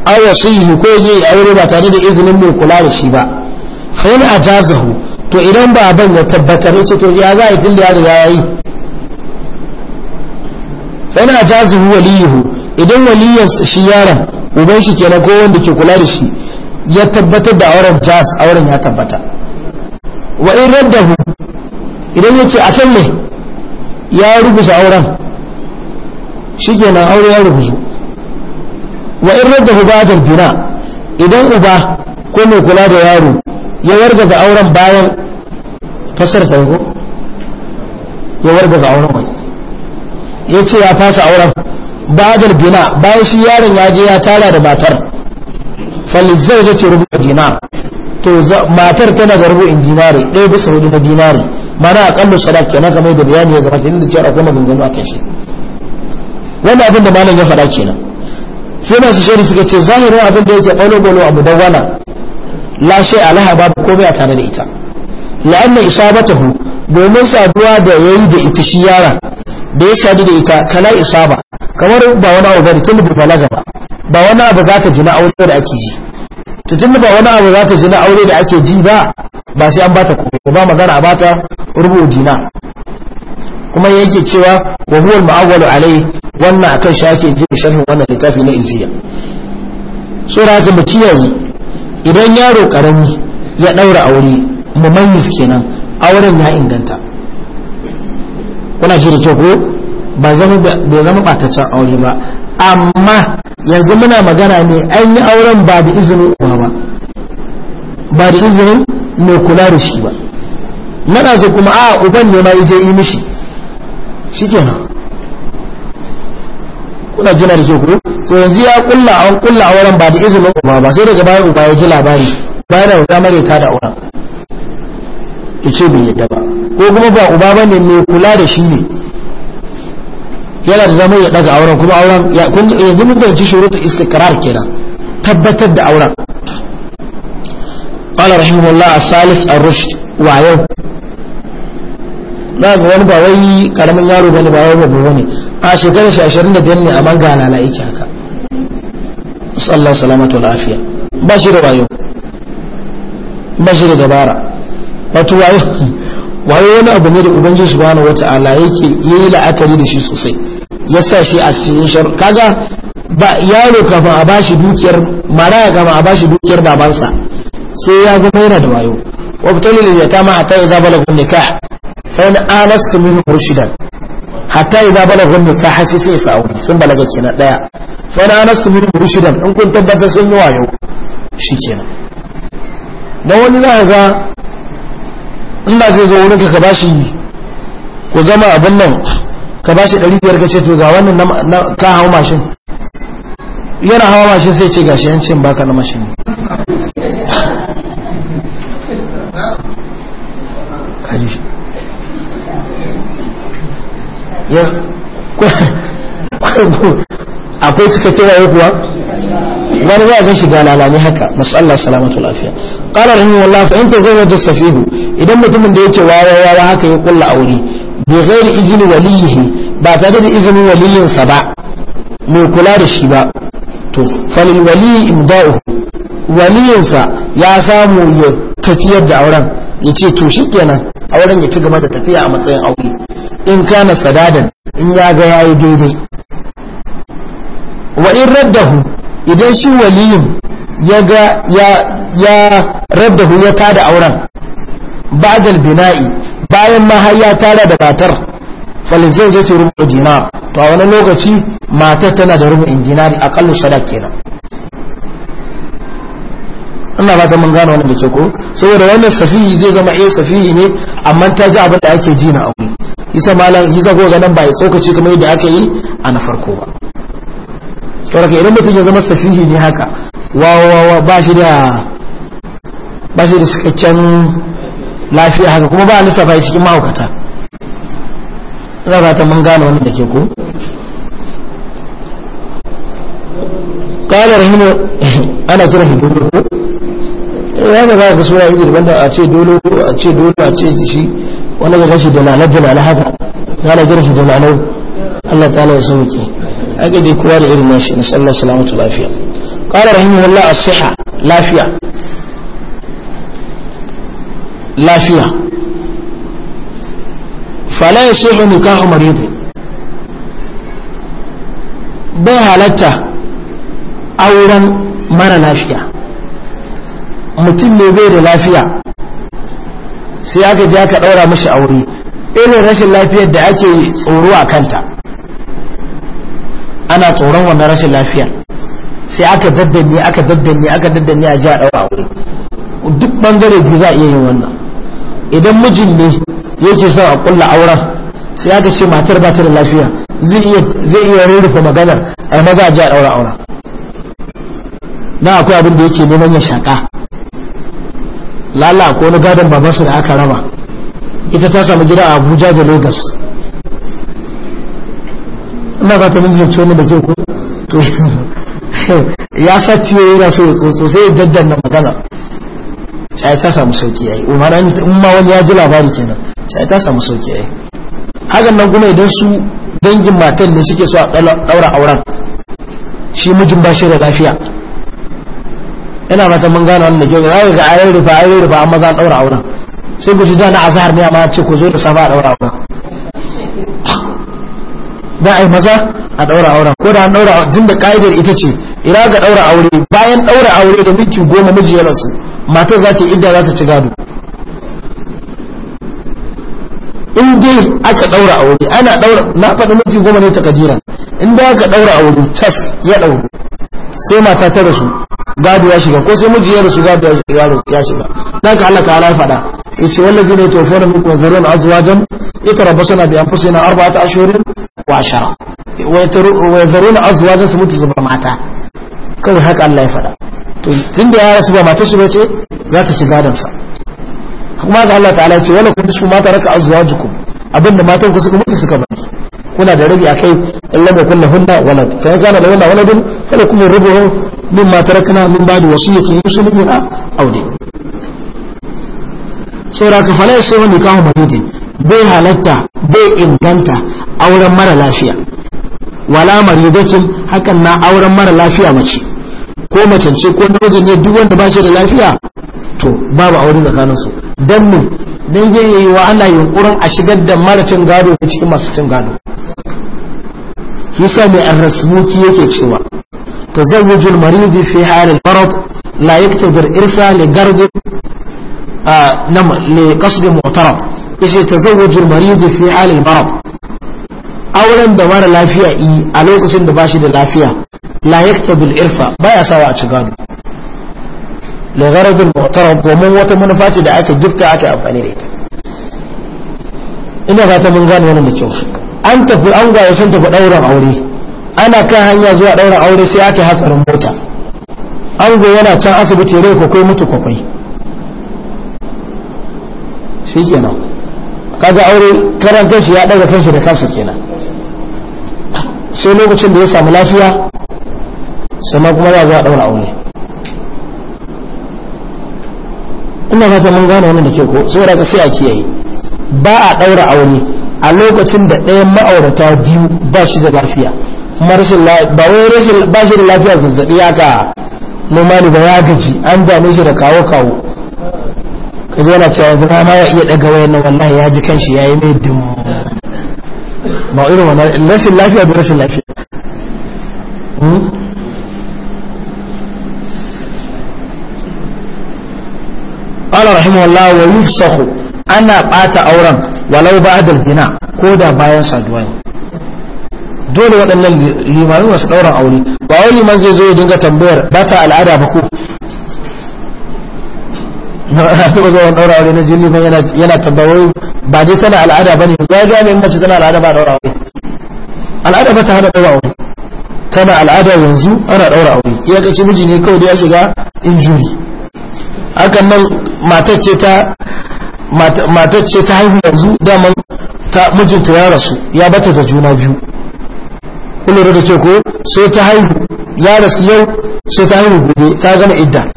aw wasihi ko je aure ba tare da izinin mai kula da shi ba fa a jazahu to idan baban ya tabbatar ce to ya za a yi tun da ya riga yayi fa in jazahu waliyuhu idan waliyar shi yaron uban shi kenan ko wanda ke kula da shi ya tabbatar da auren jaz auren ya tabbata wa in raddahu idan ya a kan mai ya rubuta auren shi na aure ya rubuta wa in raddahu ba'da bina idan uba ko mai kula da yaro ya wargaza auren bayan fasar zango ya wargaza auren wani ya ce ya fasa auren badal bina bayan shi yaron ya je ya tara da matar falizar ya ce rubu dina to matar tana da in dinari ɗaya bisa hudu na dinari mana a kallon sadaq kenan kamar da bayani ya gabata inda cewa akwai maganganu a kai shi wannan abin da malam ya faɗa kenan sai masu shari suka ce zahirin abin da yake ɓalo-ɓalo a mudawwana la shay alaha babu komai a tare da ita la'anna isabatahu domin saduwa da yayi da ita shi yara da ya sadu da ita kala isaba kamar ba wani abu bane tun bai balaga gaba ba wani abu zaka ji na aure da ake ji to tun ba wani abu zaka ji na aure da ake ji ba ba sai an bata ko ba magana a bata rubu dina kuma yake cewa wa huwa al-mu'awwalu alai wannan akan shi ake jin sharhin wannan littafi na iziya sura ta mutiyayi idan yaro karami ya daura aure mumayyiz kenan auren ya inganta kuna ji da kyau ko ba zama ba zama bataccen aure ba amma yanzu muna magana ne an yi auren ba da izinin uwa ba ba da izinin mai kula da shi ba na su kuma a uban ne ma je yi mishi shi kenan kuna jina da kyau kuro to yanzu ya kulla an kulla auren ba da izinin uba ba sai daga bayan uba ya ji labari bayan da uba mare ta da auren ya ce bai yadda ba ko kuma ba uba ba ne mai kula da shi ne yana da zama ya daga auren kuma auren yanzu mun fahimci shuruɗin istikrar kenan tabbatar da auren rahimahullah رحمه الله الثالث wa yau na ga wani ba wai karamin yaro bane ba yaro ba bane a shekarar shi da biyar ne a manga na laiki haka sallallahu salamatu lafiya ba shi da wayo ba shi da dabara wato wayo wayo wani abu ne da ubangiji subhanahu wata'ala yake yi la'akari da shi sosai ya sa shi a cikin shar kaga ba yaro kafin a bashi dukiyar maraya kafin a bashi dukiyar babansa sai ya zama yana da wayo wabtali lil yatama hatta idza balagha nikah fa in anastu minhum rushdan hatta idza balagha nikah sai sai sa aure sun balaga kenan daya su biyu min shidan in kun tabbatar sun yi wayo nan da wani za ga inda zai zo wurin ka bashi ku zama abin nan ka bashi 500 ka ce to ga wannan ka hawa mashin yana hawa mashin sai ce gashi yancin baka na mashin kaji akwai cikakken wayo kuwa wani za zai shiga lalani haka masu Allah salamatu lafiya qala wallah fa in wajen safihu idan mutumin da yake wawa wawa haka ya kulla aure bai gairi izini walihi ba tare da izinin waliyinsa ba mai kula da shi ba to falil in imda'u waliyinsa ya samu ya tafiyar da auren ya ce to shi kenan auren ya ci gaba da tafiya a matsayin aure in kana sadadan in ya ga yayi daidai wa in raddahu idan shi waliyin ya ga ya raddahu ya tada auren ba'dal bina'i bayan ma har ya tara da matar falizai zai ce rubu dinar to a wani lokaci matar tana da rubu dinari akalla shadak kenan ina ba ta mun gano wannan da ke ko saboda wannan safihi zai zama eh safihi ne amma ta ji abin da ake ji na abu isa malam isa nan ba ya tsokaci kamar yadda aka yi a na farko ba raka idan mutum ya zama safihi ne haka wawawa ba shi da ba shi da cikakken lafiya haka kuma ba a lissafa cikin mahaukata ina ba ta mun gane wannan da ke ko kalar hino ana kira shi dole ko ya eh, ga za ka sura idir banda a ce dole a ce dole a ce shi wani ga gashi da lalar da lalar haka ya na kira shi da lalar Allah ta ya sauke ake dai kowa da irin nashi nasu Allah salamatu lafiya qala rahimahullah as-siha lafiya lafiya fala yasihu umar yadda bai halatta auren mara lafiya mutum ne bai da lafiya sai aka je aka ɗaura mashi aure irin rashin lafiyar da ake tsoro a kanta ana tsoron wannan rashin lafiya sai aka daddane aka daddane aka daddane a ji a ɗaura aure duk ɓangare biyu za a iya yin wannan idan mijin ne yake son a ƙulla auren sai aka ce matar ba ta da lafiya zai iya rurrufe magana a maza a ji a ɗaura auren na akwai abin da yake neman ya shaƙa lala ko wani gadon babansu da aka raba ita ta samu gida a abuja da lagos ina ba ta mun zance wani da zai ko to ya sace yana so tsotso sai daddan na magana sai ta samu sauki yayi umar an in ma wani ya ji labari kenan sai ta samu sauki yayi hajan nan kuma idan su dangin matan ne suke so a daura auren shi mijin ba shi da lafiya ina mata mun gane wannan kyau za ga ayyuka ayyuka amma za a daura auren sai ku ji da na azhar ne amma ce ku zo da safa a daura auren za a yi maza a daura auren ko da an daura jin da ka'idar ita ce ira ga daura aure bayan daura aure da miki goma miji ya rasu matar za ta idda za ta ci gado in dai aka daura aure ana daura na faɗi miji goma ne ta kajira in dai aka daura aure tas ya dauro sai mata ta rasu gado ya shiga ko sai miji ya rasu gado ya shiga dan ka Allah ta'ala ya faɗa yace wallazi ne tofona muku wa zarun Ita, itarabasana bi anfusina arba'ata ashhurin washara na azuwa azwajan su mutu zuba mata kawai haka Allah ya faɗa to tun da ya rasu ba mata shi bace za ta ci gadonsa sa kuma ga Allah ta'ala ce wala kun su mata raka azwajukum abinda matan ku suka mutu suka bari kuna da rabi akai illa ma kullu hunna walad fa ya gana da walad waladun fa lakum rubuhu mimma tarakna min ba'di wasiyatin yusul biha aw dai saboda ka fala sai wani kawo madidin bai halatta bai inganta auren mara lafiya wala maridatin hakan na auren mara lafiya mace ko macece ce ko namiji ne duk wanda ba shi da lafiya to babu aure tsakanin su dan mu dan je yi wa ana yunkurin a shigar da maracin gado a cikin masu cin gado yasa mai arrasmuki yake cewa تزوج المريض في حال المرض لا يقتدر إرثا لقرض آه لقصد معترض إذا تزوج المريض في حال المرض auren da mara lafiya yi a lokacin da bashi da lafiya la yaktabul irfa baya sawa a ci gado la gharadul mu'tarad domin wata manufa ce da aka gifta aka amfani da ita ina fata mun gane wannan da kyau an tafi an gwaye sun tafi ɗaurin aure ana kan hanya zuwa ɗaurin aure sai aka hatsarin mota ango yana can asibiti rai kwakwai mutu kwakwai shi kenan kaga aure karan kanshi ya ɗaga kanshi da kansa kenan sai lokacin da ya samu lafiya ma kuma za a daura aure ina fata mun gane wani da ke ko da ka sai a kiyaye ba a daura aure a lokacin da ɗayan ma'aurata biyu ba shi da lafiya kuma ba wai shi da lafiya zazzabi ya ka nomani ba ya gaji an dame shi da kawo kawo ka zo na cewa zama ma ya iya ɗaga wayan nan wallahi ya ji kanshi ya yi mai dimu ba irin wannan rashin lafiya da rashin lafiya قال رحمه الله ويفسخ أنا بات أوران ولو بعد البناء كودا باين سادوين dole waɗannan limanin masu ɗaurin aure ba wani man zai zo ya dinga tambayar ba ta al'ada ba ko na taɓa zuwa wani ɗaura aure na jini ban yana tabbawai ba dai tana al'ada ba ne ya gane in mace tana al'ada ba ɗaura aure al'ada ba ta hana ɗaura aure tana al'ada yanzu ana ɗaura aure iya kaci miji ne kawai da ya shiga injuri hakan nan matar ce ta matar ce ta haihu yanzu dama ta mijinta ya rasu ya bata da juna biyu kullum da ke ko sai ta haihu ya rasu yau sai ta haihu gobe ta gama idda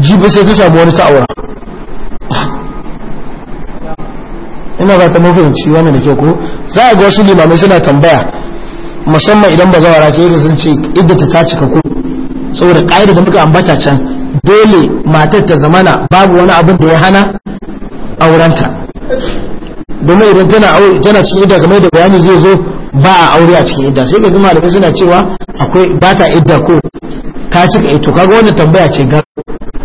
jibi sai ta samu wani ta'aura ina ba ta mafi yanci wannan da ke ko za a ga wasu limamai suna tambaya musamman idan ba zawara ce yadda sun ce idda ta cika ko saboda ƙa'ida da muka ambata can dole matar ta zamana babu wani abin da ya hana aurenta domin idan tana cikin idda game da bayani zai zo ba a aure a cikin idda sai ga zuma da suna cewa akwai ba ta idda ko ta cika ito eh kaga wannan tambaya ce ga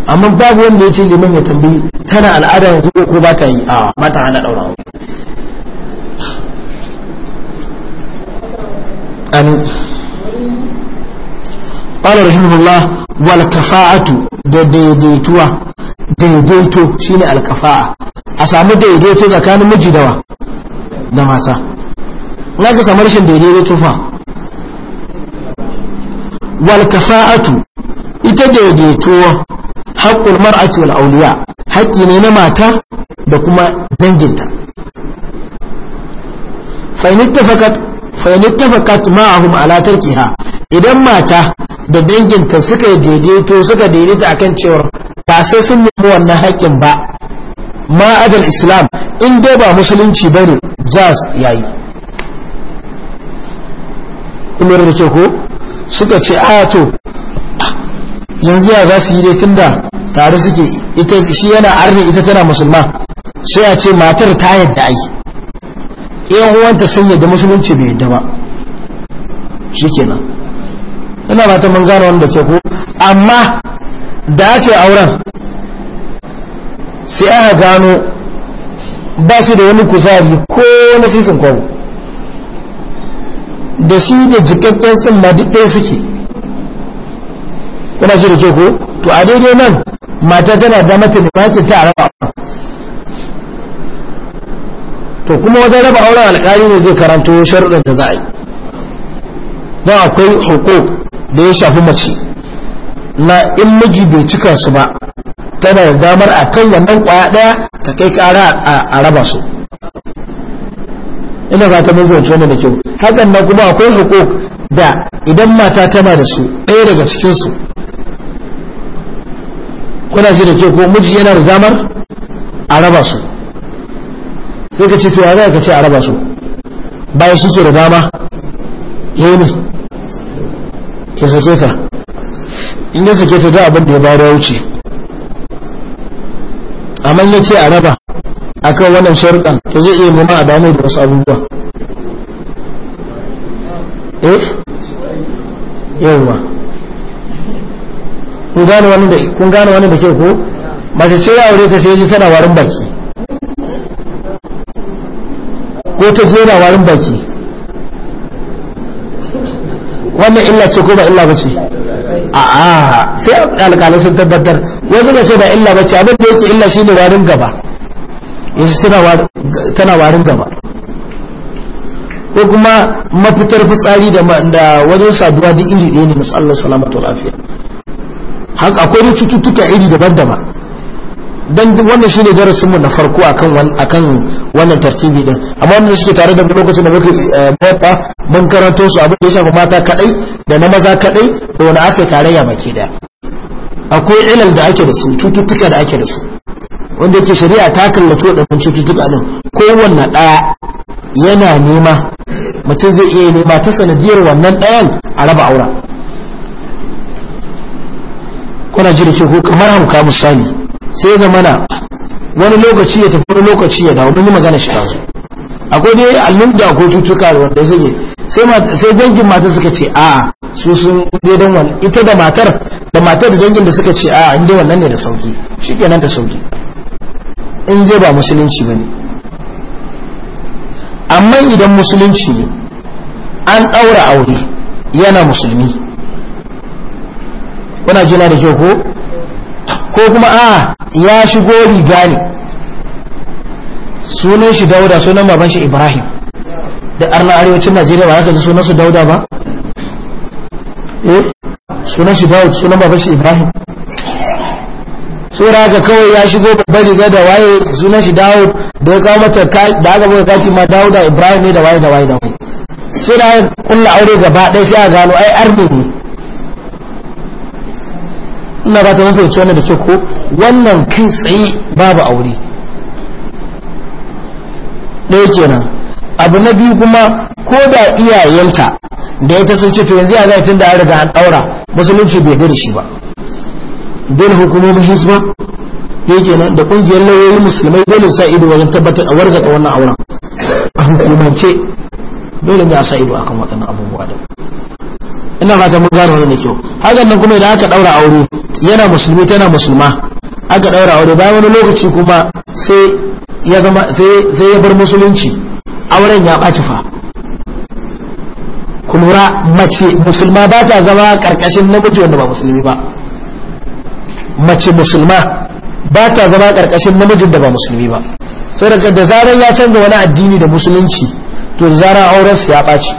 amma babu wanda ya ce liman ya tambayi tana al'ada yanzu ko ba ta yi a mata ta hana daura aure amin qala rahimahullah wal kafa'atu da daidaituwa daidaito shine al kafa'a a samu daidaito tsakanin miji dawa da mata za ka samu rashin daidaito fa wal kafa'atu ita daidaituwa haƙƙul mar'ati wal auliya haƙƙi ne na mata da kuma danginta fa in ittafaqat ma'ahum ala tarkiha idan mata da danginta suka daidaito suka daidaita akan cewa ba sai sun nemi wannan haƙƙin ba ma adal islam in dai ba musulunci bane jaz yayi kuma da ke ko suka ce a to yanzu ya za su yi dai tunda tare suke ita shi yana arni ita tana musulma sai a ce matar ta yadda ai yan uwanta sun yadda musulunci bai yadda ba kenan ina ba ta mun gane wanda ke ko amma da ake auren sai aka gano ba su da wani kuzari ko na sisin kwabo da shi da jikakken tsimma duk ɗaya suke kuma shi da ke ko to a daidai nan mata tana da mata da ta raba to kuma wajen raba auren alkali ne zai karanto sharuɗin da za a yi don akwai hukuk da ya shafi mace na in miji bai cika su ba tana da damar a kan wannan kwaya daya ta kai ƙara a raba su ina ba ta mugunci wani da kyau hakan nan kuma akwai hukuk da idan mata tana da su ɗaya daga cikinsu kuna ji da ke ko miji yana da damar a raba su sai ka ce to ya ka ce a raba su bayan su ke da dama ya yi ne ka sake ta in ya sake ta da abin da ya bayar ya wuce amma ya ce a raba akan wannan sharuɗan to zai iya nuna a damar da wasu abubuwa eh ba. kun gane wani da kun gane wani da ke ko mace ce ya aure ta sai ji tana warin baki ko ta je na warin baki wannan illa ce ko ba illa ba ce a'a sai alƙalin sun tabbatar wasu ka ce ba illa ba ce abin da yake illa ne warin gaba yanzu tana warin gaba ko kuma mafitar fitsari da wajen saduwa duk iri ɗaya ne masu Allah salamatu lafiya haka akwai cututtuka iri daban-daban dan wannan shine darasin mu na farko akan akan wannan tartibi din amma wannan ke tare da lokacin da muke bata eh, mun karanto su abin da ya shafi mata kadai da na maza kadai da wani ake tarayya baki da akwai ilal da ake da su cututtuka da ake da su wanda yake shari'a ta kallaci waɗannan cututtuka din kowanne ɗaya yana nema mutum zai iya nema ta sanadiyar wannan ɗayan a raba aura kuna ji da ko kamar hauka misali sai na wani lokaci ya tafi wani lokaci ya dawo mun yi magana shi dazu akwai dai allun da ko cutuka wanda suke sai dangin mata suka ce a su sun dai dan wani ita da matar da matar da dangin da suka ce a in wannan ne da sauki shikenan da sauki in je ba musulunci bane amma idan musulunci ne an daura aure yana musulmi kuna jina da kyau ko ko kuma a ya shigo riga ne sunan shi dauda sunan baban shi ibrahim da arna arewacin najeriya ba za ka ji sunan su dauda ba eh sunan shi dauda sunan baban shi ibrahim sura ga kawai ya shigo babban riga da waye sunan shi dawo da ya kawo mata da aka buga kati ma Dauda ibrahim ne da waye da waye da waye sai da kulla aure gaba ɗaya sai a gano ai arbi ne ina ba ta mafi wannan da ke ko wannan kai tsaye babu aure ɗaya kenan abu na biyu kuma ko da iyayenta da ya ta sun ce to yanzu ya zai tun da an riga an ɗaura musulunci bai da shi ba dole hukumomin hizba da yake nan da kungiyar lauyoyi musulmai dole sa ido wajen tabbatar a wargata wannan auren a hukumance dole ne a sa ido akan waɗannan abu ina fata mun gane wannan da kyau hakan nan kuma idan aka daura aure yana musulmi tana musulma aka daura aure bayan wani lokaci kuma sai ya zama sai sai ya bar musulunci auren ya baci fa kulura mace musulma ba ta zama karkashin namiji wanda ba musulmi ba mace musulma ba ta zama karkashin namijin da ba musulmi ba sai daga da zarar ya canza wani addini da musulunci to zarar auren su ya baci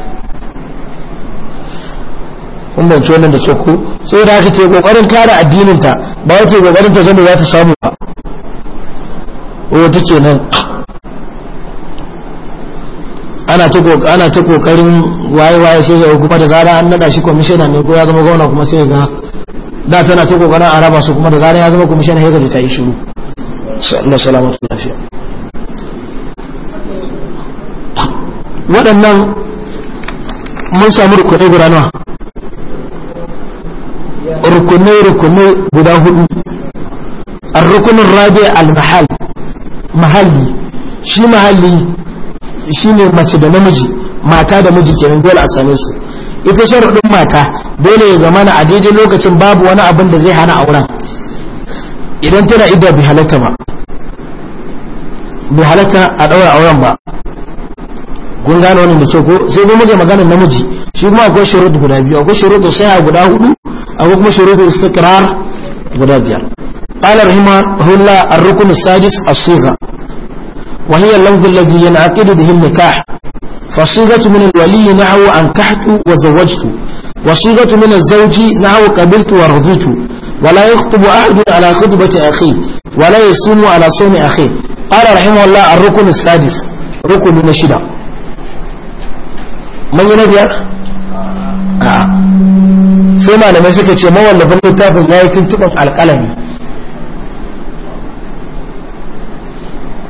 kun bance wannan da ke ko sai da aka ce kokarin kare addinin ta ba wace kokarin ta zama za ta samu ba ta ce nan ana ta ana ta kokarin waye waye sai ya kuma da zara an nada shi commissioner ne ko ya zama gwamna kuma sai ga da tana ta kokarin a raba su kuma da zara ya zama commissioner sai ga ta yi shiru na salamatu lafiya waɗannan mun samu rukunai guda rukunai rukunai guda hudu Rukunin rabi al-mahal mahalli shi mahalli shine mace da namiji mata da miji kenan dole a same su ita sharaɗin mata dole ya zama a daidai lokacin babu wani abin da zai hana auren idan tana idda bi halatta ba bi halatta a ɗaura auren ba gun gane wani da soko sai kuma muke magana namiji shi kuma akwai shirutu guda biyu akwai shirutu sai a guda hudu akwai kuma shirutu istikrar guda biyar qala rahima hulla arrukun sadis asiga wa hiya lafzu alladhi yanaqidu bihi nikah fasigatu min alwali na an kahtu wa zawajtu wasigatu min alzawji nahwa qabiltu wa raditu wa la a ahad ala khutbati akhi wa la yasumu ala sawmi akhi qala rahima hulla arrukun sadis rukun nashida mun yi na biyar a sai malamai suka ce mawallafin littafin ya yi tuntuɓin alƙalami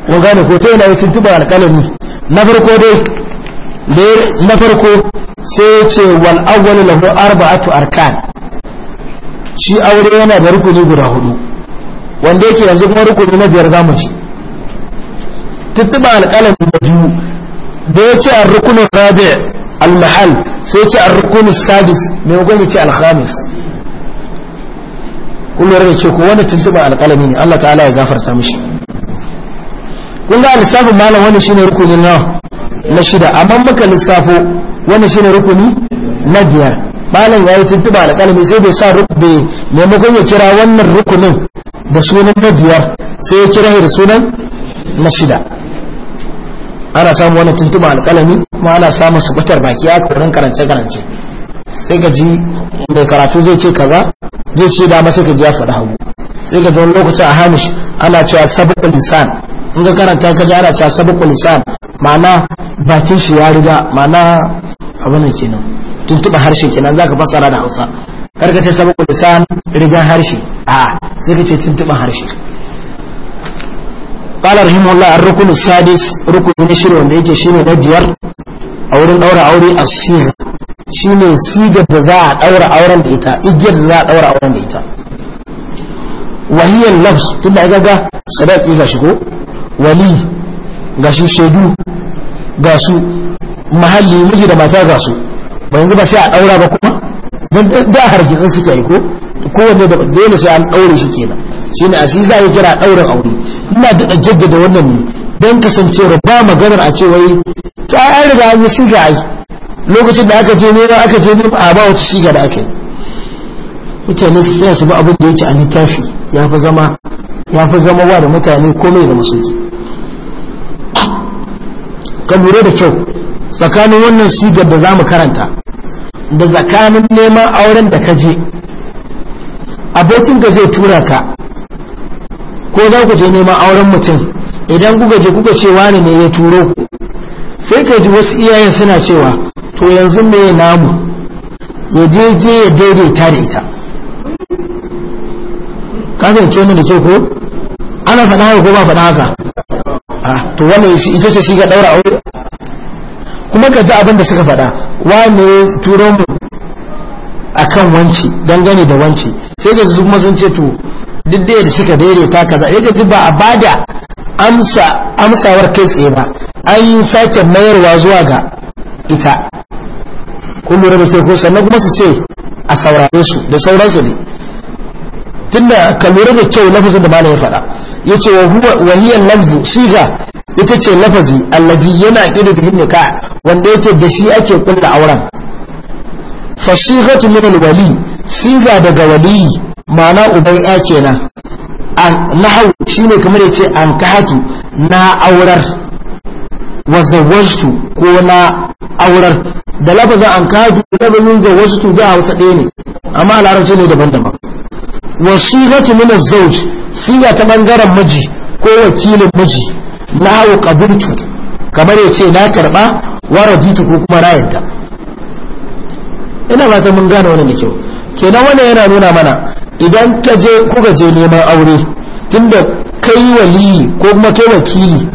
kun ne ko ta yana yi tuntuɓin alƙalami na farko dai na farko sai ya ce wal awwal arba'atu arkan shi aure yana da rukuni guda hudu wanda yake yanzu kuma rukuni na biyar zamu ci tuttuba alqalam da biyu da ya ce rukunin rabi' Almahal mahal sai ya ce ar-rukun maimakon ya ce al kullum da ce ko wani tuntuba alƙalami ne Allah ta'ala ya gafarta mishi kun ga lissafin malam wani shine rukuni na na shida amma muka lissafo wani shine rukuni na biyar malam ya yi tuntuba alƙalami sai bai sa rukuni maimakon kira wannan rukunin da sunan na biyar sai ya kira sunan na shida ana samun wani tuntuma alƙalami kuma ana samun su subatar baki a wurin karance-karance sai ka ji mai karatu zai ce kaza zai ce dama sai ka ji ya faɗi hagu sai ka don lokacin a hamish ana cewa sabon lisan in ka karanta ka ji ana cewa sabon lisan ma'ana bakin shi ya riga ma'ana abin kenan tuntuɓa harshe kenan za ka fassara da hausa karkace sabon lisan rigan harshe a sai ka ce tuntuɓa harshe qala rahimahullah ar-rukn as-sadis rukuni na shirin wanda yake shine na biyar a wurin daura aure as-sigha shine sigar da za a daura auren da ita igiyar da za a daura auren da ita wa hiya tun da tunda ga sadaki ga shigo wali ga shi shaidu ga su mahalli miji da mata ga su ba yanzu ba sai a daura ba kuma dan da harjin suke ko kowanne da dole sai an daure shi kenan Shi ne a Za a ya kira daurin aure ina daɗa jaddada wannan ne don kasancewar ba maganar a ce wai to ai an riga an yi siga ai lokacin da aka je nema aka je nema a ba wata shiga da aka yi mutane su tsaya su ba abin da yake a littafi ya fi zama ya fi zama wa da mutane komai da musu ka lura da kyau tsakanin wannan shigar da za mu karanta da tsakanin neman auren da ka je ka zai tura ka ko za ku je neman auren mutum idan kuka je kuka ce wani ne ya turo ku sai ka ji wasu iyayen suna cewa to yanzu me namu ya je je ya daidaita da ita ka ce mun da ke ko ana faɗa haka ko ba faɗa haka a to wannan ita ce shi ga ɗaura aure kuma ka ji abin da suka faɗa wani turo mu akan wanci dangane da wanci sai ka ji kuma sun ce to duk da suka daidaita kaza ya eh, gaji ba a bada amsa amsawar kai tsaye ba an yi sake mayarwa zuwa ga ita kun lura da teku sannan kuma su ce a saurare su da sauransu ne tunda ka lura da kyau lafazin da malam ya faɗa ya ce wa hiya lafzu shiga ita ce lafazi allabi yana ƙidu bihin ka. wanda yake da shi ake kulla auren fashihatu min alwali siga daga waliyi Mana uban ya kenan nahau shine kamar ya ce an kahatu na aurar wa ko na aurar da lafazin an kahatu lafazin zawajtu da hausa ɗaya ne amma larabci ne daban-daban wa sigatu min az-zawj siga ta ɓangaren miji ko wakilin miji nahau Kabirtu kamar ya ce na karɓa wa raditu ko kuma na yadda ina ba ta mun gane wani da kyau kenan wannan yana nuna mana idan ka je kuka je neman aure tunda kai waliyi ko kuma kai wakili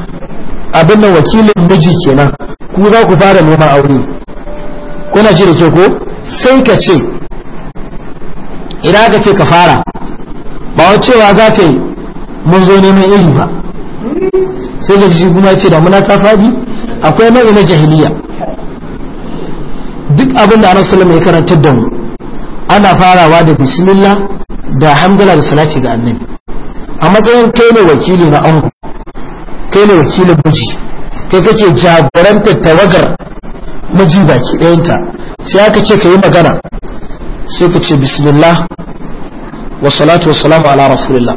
abin da wakilin miji kenan ku za ku fara neman aure kuna ji da ke ko sai ka ce idan ka ce ka fara ba wa cewa za ka yi mun zo neman iri ba sai ka ji kuma ce da muna ta akwai mai na jahiliya duk abin da anasulama ya karantar da mu ana farawa da bismillah da hamdala da salati ga annabi a matsayin kai ne wakili na ango kai ne wakilin miji kai kake jagorantar tawagar miji baki ɗayanta sai aka ce ka yi magana sai ka ce bismillah wa salatu wa salamu ala rasulillah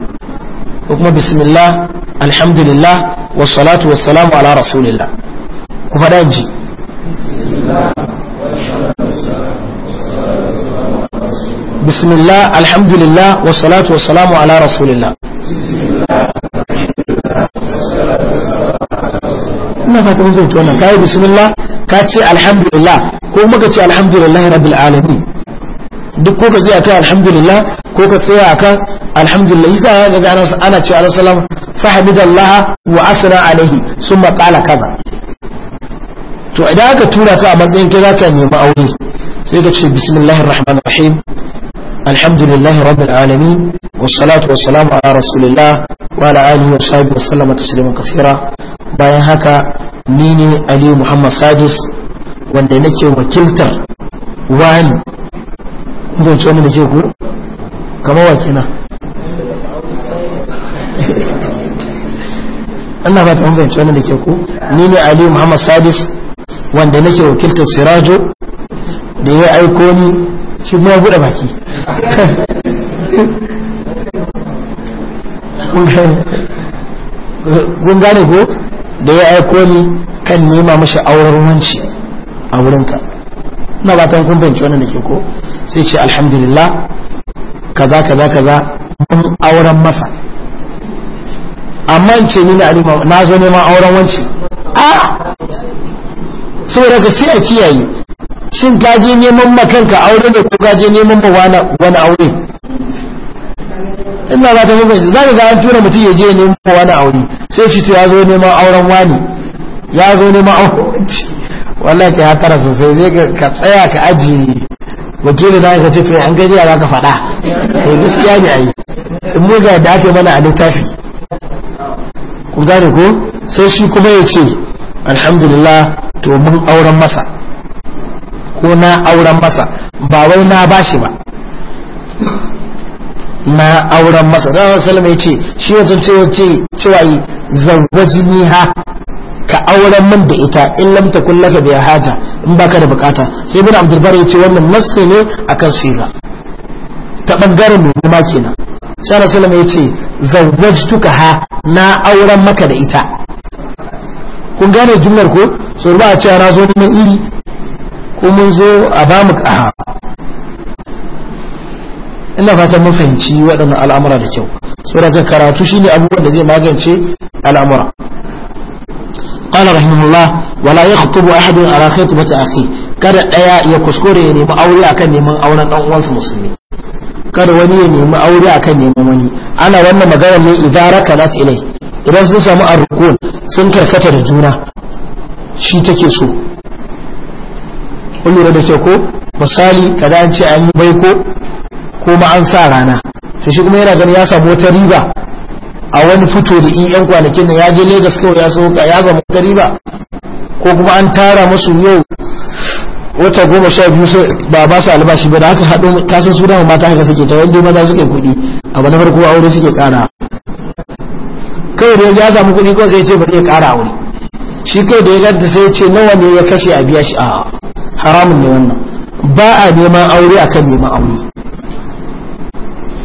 ko kuma bismillah alhamdulillah wa salatu wa salamu ala rasulillah ku faɗa ji bismillah alhamdulillah wassalatu wassalamu ala rasulillah ina fata mun fahimci wannan kai bismillah ka ce alhamdulillah ko muka ce alhamdulillah rabbil alamin duk ko ka tsaya akan alhamdulillah ko ka tsaya akan alhamdulillah yasa ga ga ana ce alaihi salam fa hamidallaha wa asra alaihi summa qala kaza to idan aka tura ka a matsayin kai zaka nemi aure sai ka ce bismillahir rahmanir rahim الحمد لله رب العالمين والصلاة والسلام على رسول الله وعلى آله وصحبه وسلم تسليما كثيرا bayan haka ni ne aliyu muhammad sadis wanda nake wakiltar wani inganci wani da ke ku kama wakina Allah ba ta da ke ku ni ne sirajo da ya aiko ni shi ma ya buɗe baki kun gane ko da ya aiko ni kan nema mashi auren wanci a wurinka na ba ta kun fahimci wannan da ke ko sai ce alhamdulillah kaza kaza kaza mun auren masa amma ce ni na alima na zo neman auren wanci a saboda ka sai a kiyaye shin ka je neman kanka aure ne ko ka je neman ma wani aure ina ba ta mafi za ka ga an tura mutum ya je neman ma wani aure sai shi to ya zo neman auren wani ya zo neman auren wallahi ka hatara sosai zai ka tsaya ka ajiye wakili na ka ce to an gaji ya ka faɗa to eh, gaskiya ne ai sun mu ga da ake mana a littafi ku gane ko sai shi kuma ya ce alhamdulillah to mun auren masa ko na auren masa ba wai na bashi ba na auren masa na salama ya ce shi wata cewa ce cewa yi zawajini ha ka auren min da ita in lam kulla ka biya haja in baka da bukata sai bin abdul bari ya ce wannan nassi ne a kan sira ta bangaren mu ma kenan sai salama ya ce zawajtuka ha na auren maka da ita kun gane jimlar ko so ba a cewa na zo neman iri kuma zo a bamu mu ina fatan mun fahimci waɗannan al'amura da kyau tsoraka karatu shine abubuwan da zai magance al'amura قال رحمه الله ولا يخطب احد على خطبه اخيه kada daya ya kuskure ya nemi aure akan neman auren dan uwansa musulmi kada wani ya nemi aure akan neman wani ana wannan magana ne idara kanat ilai idan sun samu arkun sun karkata da juna shi take so kun lura da ko misali kaza an ce an yi ko kuma an sa rana to shi kuma yana gani ya samu wata riba a wani fito da in yan kwanakin nan ya je Lagos kawai ya ka ya zama wata riba ko kuma an tara musu yau wata goma sha biyu ba ba su albashi ba da haka haɗo kasan su dama mata haka suke ta wanda maza suke kuɗi abu na farko aure suke ƙara kai da ya samu kuɗi ko sai ce bari ya ƙara aure shi kai da ya ganta sai ce nawa ne ya kashe a biya shi a haramun ne wannan ba a neman aure a kan neman aure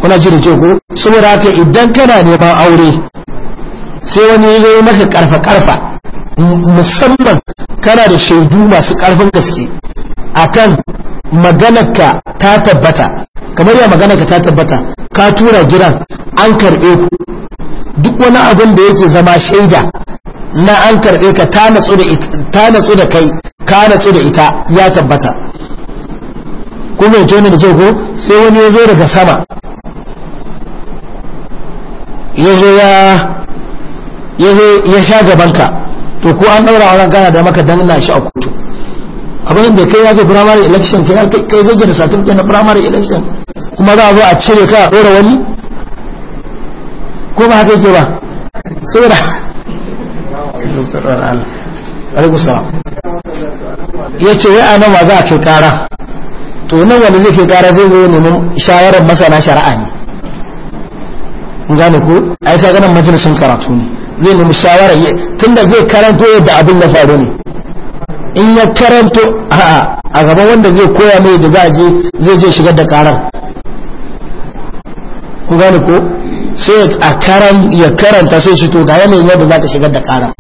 kuna ji da ce ko saboda haka idan kana neman aure sai wani ya yi maka karfa karfa musamman kana da shaidu masu karfin gaske akan maganarka ta tabbata kamar ya maganarka ta tabbata ka tura gidan an karbe ku duk wani abin da yake zama shaida na an karɓe ka ta natsu da kai ka natsu da ita ya tabbata kuma yato ne da zo ko sai wani ya zo daga sama ya zo ya sha gabanka to ko an ɗaura wannan gana da maka dan shi a kotu abin da kai ya zo primary election kai kai zai da satin na primary election kuma za a zo a cire ka a ɗora wani ko ba haka yake ba saboda ya ce ya a nawa za a ke kara to nan wanda zai ke kara zai zai neman shawarar masana shari'a ne gane ko ai ka ganin majalisun karatu ne zai nemi shawara tunda zai karanto yadda abin ya faru ne in ya karanto a gaba wanda zai koya mai da za a je zai je shigar da karar ku gane ko sai a karan ya karanta sai shi to ga yanayin yadda za ka shigar da kara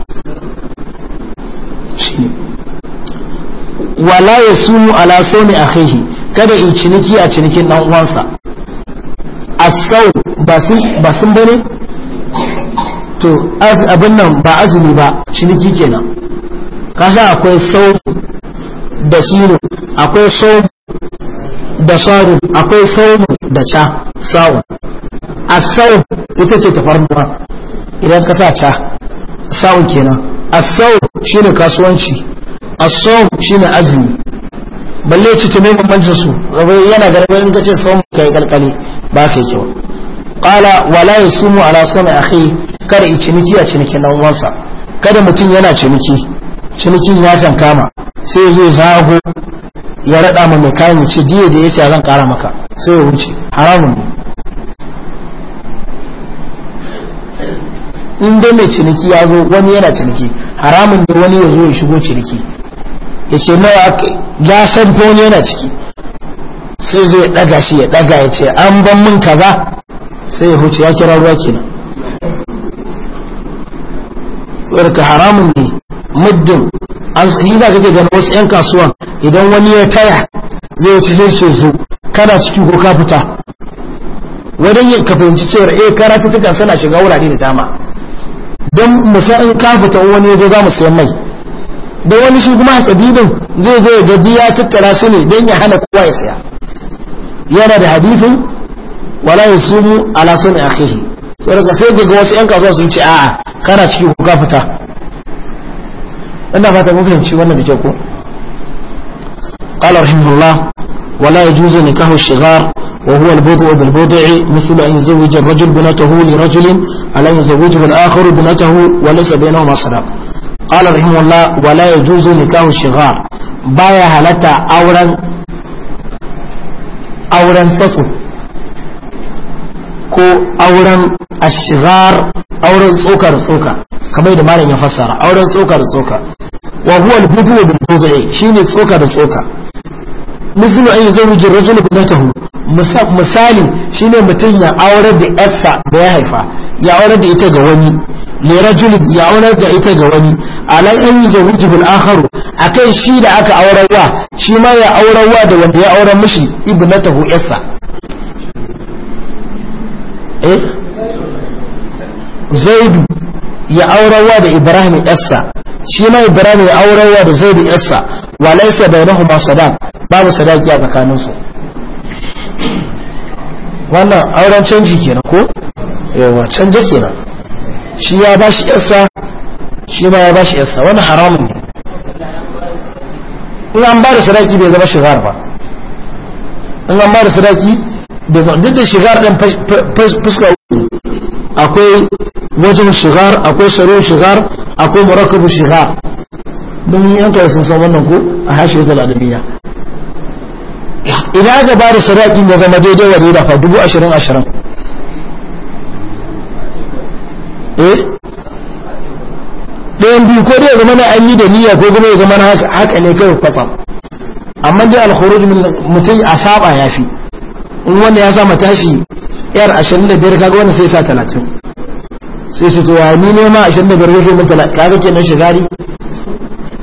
wala ya sumu ala sauni haihi, kada in ciniki a cinikin dan uwansa a sau ba sun bane to abin nan ba azumi ba ciniki kenan kasha akwai sau da sino akwai sau da saru akwai sau da ca sawun asau ita ce tafarnuwa idan ka sa ca sa'un kenan asau shine kasuwanci asau shine azumi balle ci tume bambancin su yana garba in ka ce sau kai kalkale ba kai kyau qala wala yasumu ala sami akhi kar i ciniki a cinikin dan uwansa kada mutum yana ciniki cinikin ya kan kama sai ya zago ya rada ma mai kayan ya ce diye da ya yace zan kara maka sai ya wuce haramun ne in dai mai ciniki ya zo wani yana ciniki haramun da wani ya zo ya shigo ciniki ya ce nawa ya san ko wani yana ciki sai zo ya daga shi ya daga ya ce an ban min kaza sai ya huce ya kira ruwa kenan wadda haramun ne muddin an yi za ka ke gano wasu 'yan kasuwan idan wani ya taya zai wuce zai ce zo kana ciki ko ka fita wadanda ka fahimci cewar eh karatu tuka suna shiga wurare da dama don musa'in in wani ya zo za mu sayan mai don wani shi kuma hasabibin zai zo ya gadi ya tattara su ne don ya hana kowa ya saya yana da hadithin wala ya sumu ala sun akhihi sai daga sai daga wasu yan kasuwa sun ce a'a kana ciki ko ka fita ina fata mun fahimci wannan da ke ko قال رحمه الله ولا يجوز نكاح وهو البضع بالبضع مثل أن يزوج الرجل بنته لرجل على أن يزوجه الآخر بنته وليس بينهما صداق قال رحمه الله ولا يجوز نكاح الشغار بايا هلتا أورا أورا سسو ko auren ashigar auren tsokar tsoka kamar da malam ya fassara auren tsokar tsoka wa huwa al-budu bil buzi shine tsoka da tsoka mizinu an yuzawwiju da rajulu ibnatahu misali shine mutum ya aure da yarsa da ya haifa ya aure da ita ga wani ne rajulin ya aure da ita ga wani alai an yi zawujihul akharu akai shi da aka aurarwa shi ma ya aurarwa da wanda ya aurar mishi ibnatahu yassa eh zaidu ya aurarwa da ibrahim yarsa shi ma ibrahim ya aurarwa da zaidu yarsa wa laysa bainahuma sadaq babu sadaki a tsakaninsu wannan auren canji kenan ko yawa canje kenan shi ya ba shi yarsa shi ma ya ba shi yarsa wannan haramun ne in an ba da sadaki bai zama shigar ba in an ba da sadaki bai zama duk da shigar ɗin fuska akwai wajen shigar akwai sharon shigar akwai murakabin shigar don yanka sun san wannan ko a hashe ta al'adamiya Ina za ba da sadakin da zama daidai wa daidai fa dubu ashirin ashirin eh ɗayan biyu ko dai zama na an yi da niyya ko kuma ya zama na haka ne kawai kwatsam amma dai alkhuruj mutum a saba ya fi in wanda ya sama tashi yar ashirin da biyar kaga wanda sai sa talatin sai su to ya ni ma ashirin da biyar kake mun talatin kaga kenan shigari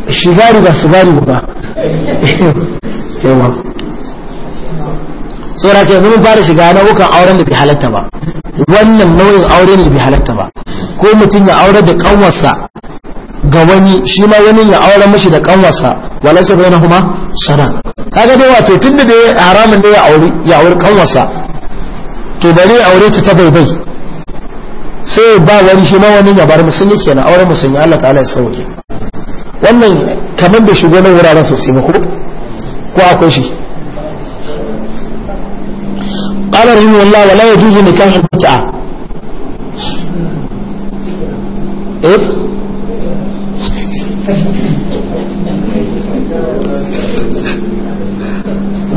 shigari ba sigari ba yawa saboda ka yanzu mun fara shiga nau'ukan auren da bai halatta ba wannan nau'in aure ne bai halatta ba ko mutum ya aure da kanwarsa ga wani shi ma wani ya aure mashi da kanwarsa walaysa bainahuma shara kaga dai wato tunda dai haramun da ya aure ya aure kanwarsa to ya aure ta ta baibai sai ba wani shi ma wani ya bar musulmi kenan auren musulmi Allah ta'ala ya sauke wannan kamar da shigo na wuraren sosai ba ko ko akwai shi قال رحمه الله ولا يجوز نكاح المتعة إيه؟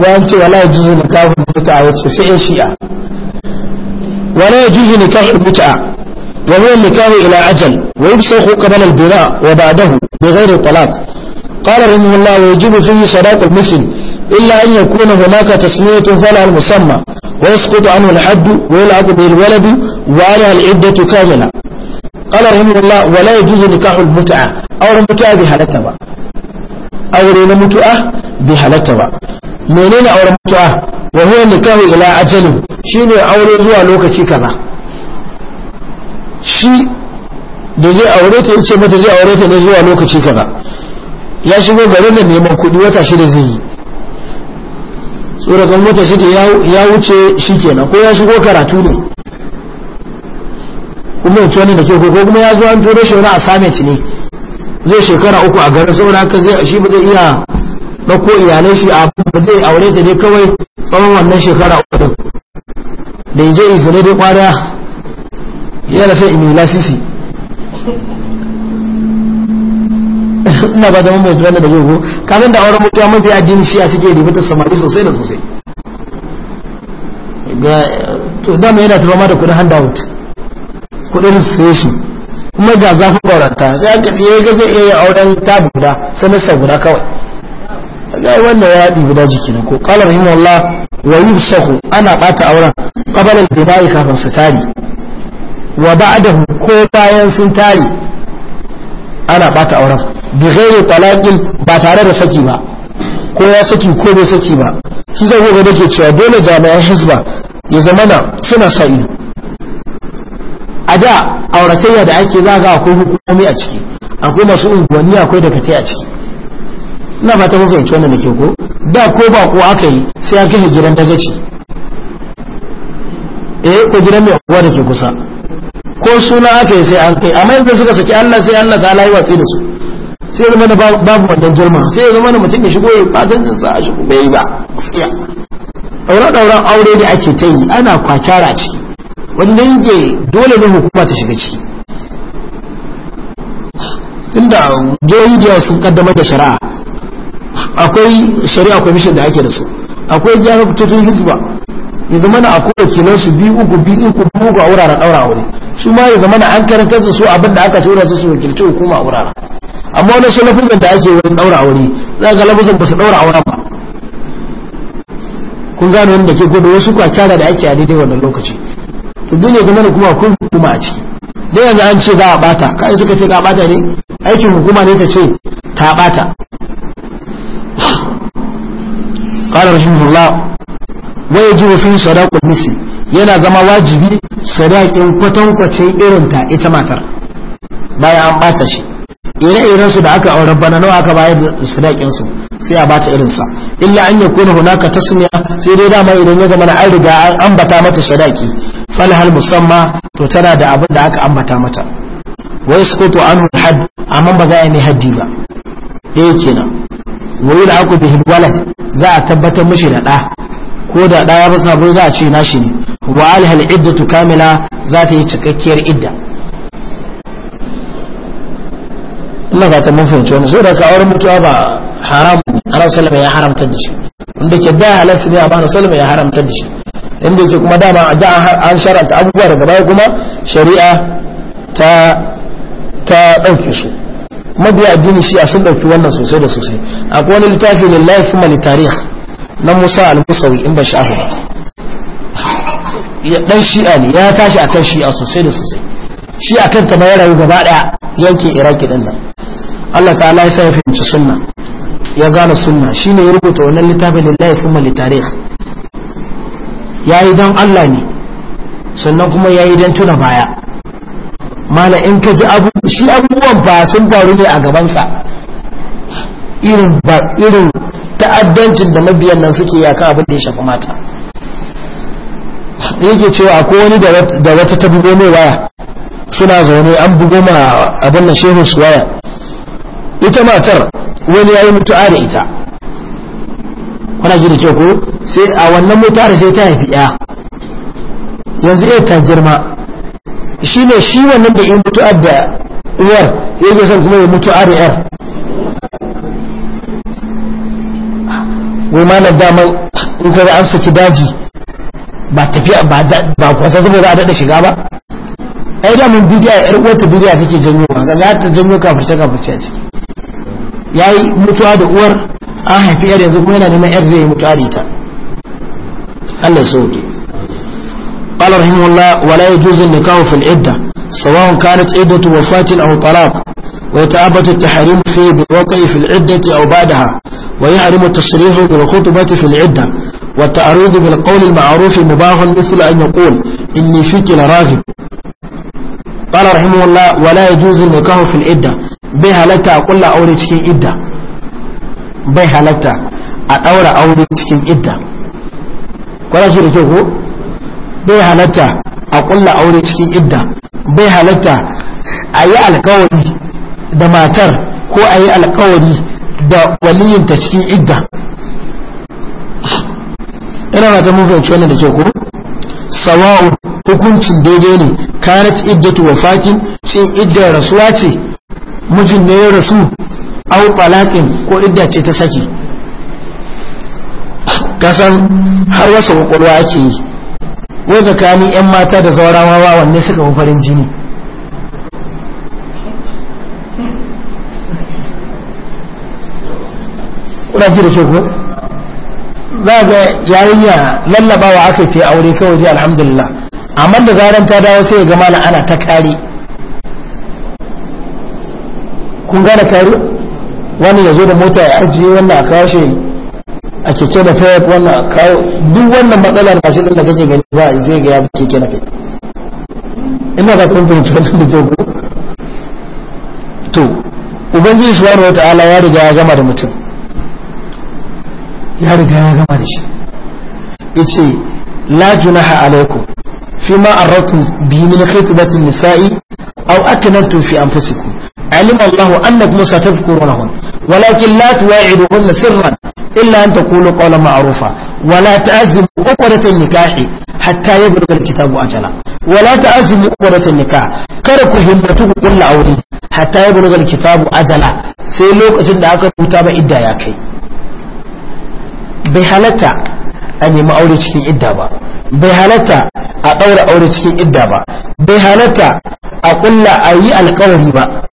وأنت ولا يجوز نكاح المتعة وتسعي شيئا ولا يجوز نكاح المتعة وهو النكاح إلى عجل ويبسخ قبل البناء وبعده بغير طلاق قال رحمه الله ويجب فيه صلاة المسلم إلا أن يكون هناك تسمية فلا المسمى ويسقط عنه الحد ويلعق به الولد وعليها العدة كاملة قال رحمه الله ولا يجوز نكاح المتعة أو المتعة بهلتها أو رين المتعة بهلتها منين أو المتعة وهو النكاح إلى أجل شين أول زوا لوكتي كذا shi da zai aure ta yace mata zai aure ta ne zuwa lokaci kaza ya shigo garin da neman kuɗi wata shida zai yi tsoron mota shi ya wuce shi kenan ko ya shigo karatu ne kuma wuce wani da ke ko kuma ya zuwa turo shi wani summit ne zai shekara uku a garin saboda haka zai shi ba zai iya ɗauko iyalai shi a ba zai aure ta ne kawai tsawon wannan shekara uku da ya je izini dai kwariya yana sai imi sisi ina ba da mun bayyana wannan da zai go ka da auren mutuwa mafi addini shi a suke ribata samari sosai da sosai ga to da yana turama da kudin handout kudin station kuma ga zafin kwaranta sai aka fiye ga zai iya auren tabu guda semester guda kawai ga wannan ya ɗi guda jiki na ko qala Allah wa shahu ana ɓata auren qabala da bayi kafin su tari wa ba'adahu ko bayan sun tari ana bata auren bi ghairi talaqin ba tare da saki ba ko ya saki ko bai saki ba shi zai ga nake cewa dole jami'an hizba ya na suna sa ido a da auratayya da ake zaga akwai hukumomi a ciki akwai masu unguwanni akwai da kafe a ciki ina fata kuka yanci wannan da ke ko da ko ba ko aka yi sai an kashe gidan dagaci eh ko gidan mai uwa da ke kusa ko suna aka yi sai an kai amma yadda suka saki Allah sai Allah ta halaye watsi da su sai zama na babu wannan jirma sai zama na mutum ya shigo ya fatan sa a shigo bai ba gaskiya daura-dauran aure da ake ta yi ana kwakyara ce wanda yake dole ne hukuma ta shiga ciki tunda jihohi da sun kaddamar da shari'a akwai shari'a kwamishin da ake da su akwai gyara fitattun hizba ya zama na akwai wakilan su biyu uku biyu uku biyu uku a wuraren daura aure su ma ya zama na an karantar da su abin da aka tura su su wakilci hukuma a wuraren amma wani shi lafuzan da ake wurin daura aure za ga lafuzan ba su daura auren ba kun gano wanda ke gudu wasu kwakyara da ake a daidai wannan lokaci to dole ga da kuma kun kuma a ciki da yanzu an ce za a bata kai suka ce za a bata ne aikin hukuma ne ta ce ta bata قال رحمه الله ويجب فيه صداق النسي yana zama wajibi sadakin kwatankwacin irinta ita matar bayan an bata shi ire-iren su da aka aure bana nawa aka bayar da sadakin su sai a bata irin sa illa an kuna hunaka tasmiya sai dai dama idan ya zama na an riga an ambata mata sadaki falhal musamma to tana da abin da aka ambata mata wai su an anhu had amma ba za a yi mai haddi ba ɗaya kenan wai da aku bihi walad za a tabbatar mishi da ɗa ko da ɗa ya rasa za a ce nashi ne wa alhal iddatu kamila za ta yi cikakkiyar idda ina fata mun fahimci wani saboda ka auren mutuwa ba haram haram salama ya haramta da shi inda ke da halas ne a bana salama ya haramta da shi inda ke kuma dama da an sharanta abubuwa daga baya kuma shari'a ta ta dauke su mabiya addini shi a sun ɗauki wannan sosai da sosai akwai wani littafi lillahi kuma litarih na Musa al-Musawi in ba shafi ba dan shi'a ne ya tashi a kan shi'a sosai da sosai shi a kan ta ma ya rayu gaba ɗaya yankin Iraki ɗin nan Allah ta'ala ya sa ya fahimci sunna ya gane sunna shine ya rubuta wannan littafin lillahi kuma Ya yayi dan Allah ne sannan kuma yayi dan tuna baya mala in ka ji abu shi abubuwan ba sun faru ne a gabansa irin ba irin ta'addancin da mabiyan nan suke yaka abin da ya shafi mata yake cewa akwai wani da wata ta bugo mai waya suna zaune an bugo ma abin nan shehu su waya ita matar wani ya yi mutu'a da ita kuna ji da kyau ko sai a wannan mutu'ar da sai ta haifi ya yanzu iya ta girma shi ne shi wannan da yin mutu'a da uwar ya zai san kuma ya mutu'a da yar goma na dama in kada an saki daji ba tafiya ba kwasa saboda za a daɗa shiga ba ai da mun bidiya yar uwar ta bidiya take janyo ga ta janyo kafirce kafirce a ciki ya mutuwa da uwar an haifi yar yanzu kuma yana neman yar zai yi mutuwa Allah ya sauke قال رحمه الله ولا يجوز النكاح في العدة سواء كانت عدة وفاة أو طلاق ويتعبد التحريم فيه بالوقع في العدة أو بعدها ويحرم التصريح بالخطبة في العدة والتعريض بالقول المعروف مباح مثل أن يقول إني فيك لراغب قال رحمه الله ولا يجوز النكاح في العدة bai halatta a kulla aure cikin idda bai halatta a daura aure cikin idda kwana shi da kyau ko bai halatta a kulla aure cikin idda bai halatta a yi alkawari da matar ko a yi alkawari da waliyinta cikin idda ina ba ta mafi wannan da kyau ko sawa'u hukuncin daidai ne kanat iddatu wafatin shin iddar rasuwa ce mijin ne ya rasu au talaqin ko idda ce ta saki kasan har wasu kwakwalwa ake yi wai tsakanin 'yan mata da zaurawa ba wanne suka fi farin jini kuna ji da ke ko za ga yarinya lallabawa aka yi aure kawai dai alhamdulillah amma da zaran ta dawo sai ga malam ana ta kare kun gane kare wani ya zo da mota ya ajiye wannan a kawo shi a keke da fayar wannan a kawo duk wannan matsala na shi da kake gani ba zai gaya ya keke na fayar ina ba kun fahimci wannan da jogo to ubangiji wata ala ya riga ya gama da mutum ya riga ya gama da shi yace la junaha alaikum fima arratum bi min khitbati nisa'i aw akanantum fi anfusikum علم الله أنكم ستذكرونهن ولكن لا تواعدهن سرا إلا أن تقولوا قولا معروفا ولا تعزموا عقدة النكاح حتى يبلغ الكتاب أجلا ولا تعزموا عقدة النكاح كركوا همتكم كل أولي حتى يبلغ الكتاب أجلا سيلوك جند أكبر متابع إدى ياكي بحالتا a nemi aure cikin idda ba bai halatta a ɗaura aure cikin idda ba bai halatta a kulla a yi alkawari ba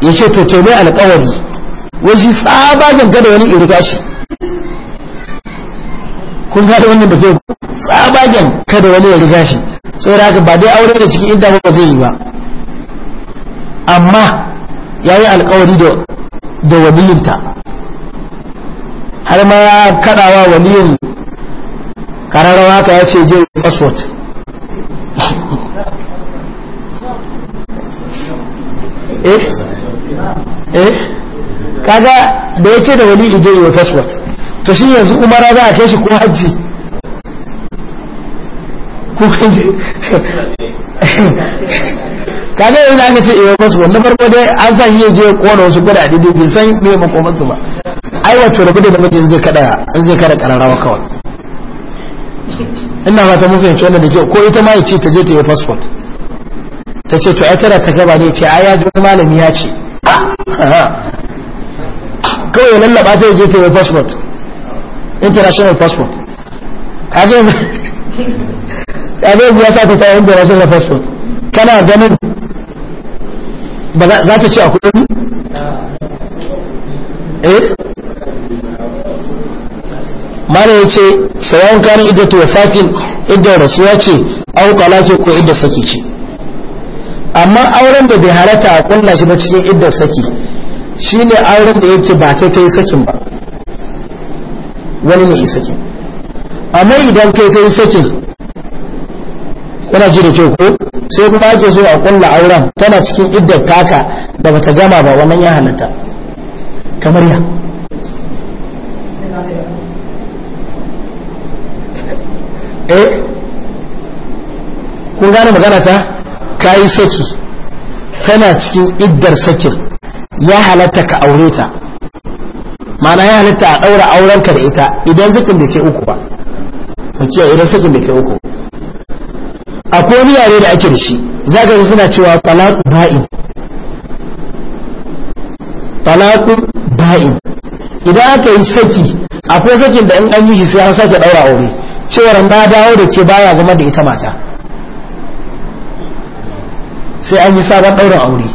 ya ce to to mai alkawari wasu tsaba gangana wani irga shi kun gada wannan da ke tsabagen kada wani ya riga shi da haka ba dai aure da cikin idda ba zai yi ba amma ya yi alkawari da walilinta har ma ya kaɗawa waliyin kararrawa ka ya ce je passport eh eh kaga da ya ce da wani ije yi wa passport to shi yanzu umara za a kai shi ko hajji kaga yanzu aka ce iya fasfot na farko dai an san yi je kona wasu gwada daidai bin san me makomansu ba ai wato rabu da namijin zai kada an zai kada kararrawa kawai ina ba ta mafi wannan da ke ko ita ma ya ce ta je ta yi passport ta ce to ai tara ta gaba ne ce ai ya ji malami ya ce kawai ya lallaba ta je ta yi passport international passport kaje kaje ya sa ta ta yi international passport kana ganin ba za ta ce a kudi eh mana ya ce sayan kanin idda ta wafatin idda rasuwa ce au talaki ko idda saki ce amma auren da bai halatta a kulla shi ba cikin idda saki shine auren da yake ba kai kai sakin ba wani ne yi sakin amma idan kai kai sakin kuna ji da kyau ko sai kuma ake so a kulla auren tana cikin idda taka da bata gama ba wannan ya halatta kamar ya eh kun gane magana ta kayi saki tana cikin iddar sakin ya halatta ka aure ta mana ya halatta a ɗaura aurenka da ita idan sakin bai kai uku ba makiya idan sakin bai kai uku akwai wani yare da ake da shi za ka suna cewa talaku ba'in talaku ba'in idan aka yi saki akwai sakin da in an yi shi sai an sake ɗaura aure cewar na dawo da ke baya zama da ita mata sai an yi sabon ɗaurin aure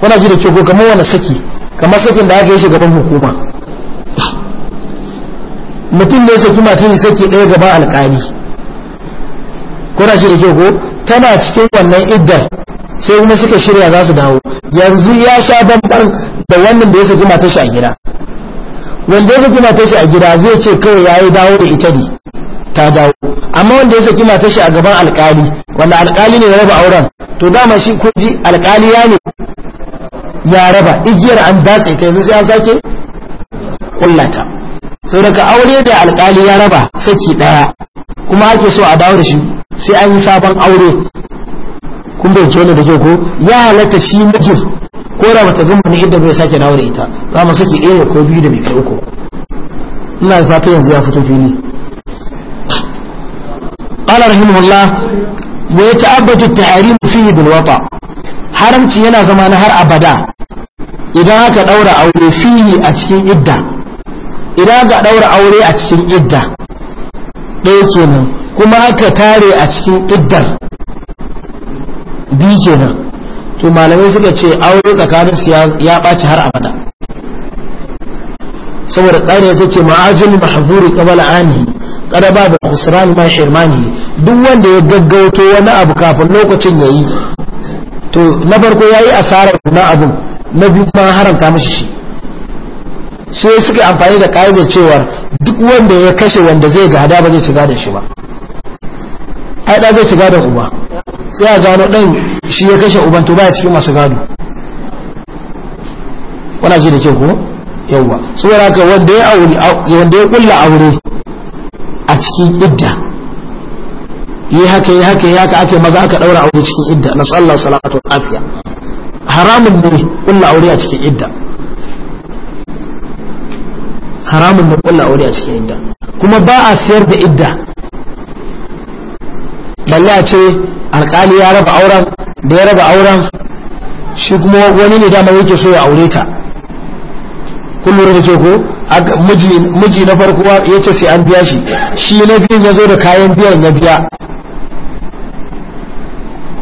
kuna ji da ke ko kamar wani saki kamar sakin da aka yi shugaban hukuma mutum ne saki yi saki ɗaya gaba alƙali kuna ji da ke ko tana cikin wannan iddar sai kuma suka shirya za su dawo yanzu ya sha banban da wannan da ya saki matar shi a gida wanda ya saki mata shi a gida zai ce kawai ya yi dawo da ita ne ta dawo amma wanda ya saki mata shi a gaban alkali wanda alkali ne ya raba auren to dama shi kuji alkali ya ne ya raba igiyar an datse ta yanzu sai an sake kullata sau daga aure da alkali ya raba saki daya kuma ake so a dawo da shi sai an yi sabon aure kun bai wani da ke ko ya halatta shi mijin ko da bata zama ne idda bai sake dawo da ita za mu saki ɗaya ko biyu da bai kai uku ina fata yanzu ya fito fili قال رحمه الله ويتعبد التحريم فيه بالوطا haramci yana zama na har abada idan aka daura aure fili a cikin idda idan aka daura aure a cikin idda ɗaya kenan kuma aka tare a cikin iddar biyu kenan to malamai suka ce aure tsakanin su ya ɓaci har abada saboda tsari ta ce ma'ajin mahzuri kabala ani kada ba da khusran ma hirmani duk wanda ya gaggauto wani abu kafin lokacin yayi to na ya yi asarar na abun na biyu kuma haramta mishi shi sai suka amfani da da cewa duk wanda ya kashe wanda zai gada ba zai ci da shi ba ai da zai ci da uba sai a gano ɗan shi ya kashe uban to baya cikin masu gado wana ce da ke ko yawwa saboda haka wanda ya wanda ya kulla aure a cikin idda yi haka yi haka yi haka ake maza aka daura aure cikin idda na tsallar salatu afiya haramun ne kulla aure a cikin idda haramun ne kulla aure a cikin idda kuma ba a siyar da idda balle a ce alkali ya raba auren da ya raba auren shi kuma wani ne dama yake so ya aure ta kullum da ke ko miji na farko ya ce sai an biya shi shi na biyun ya zo da kayan biyan ya biya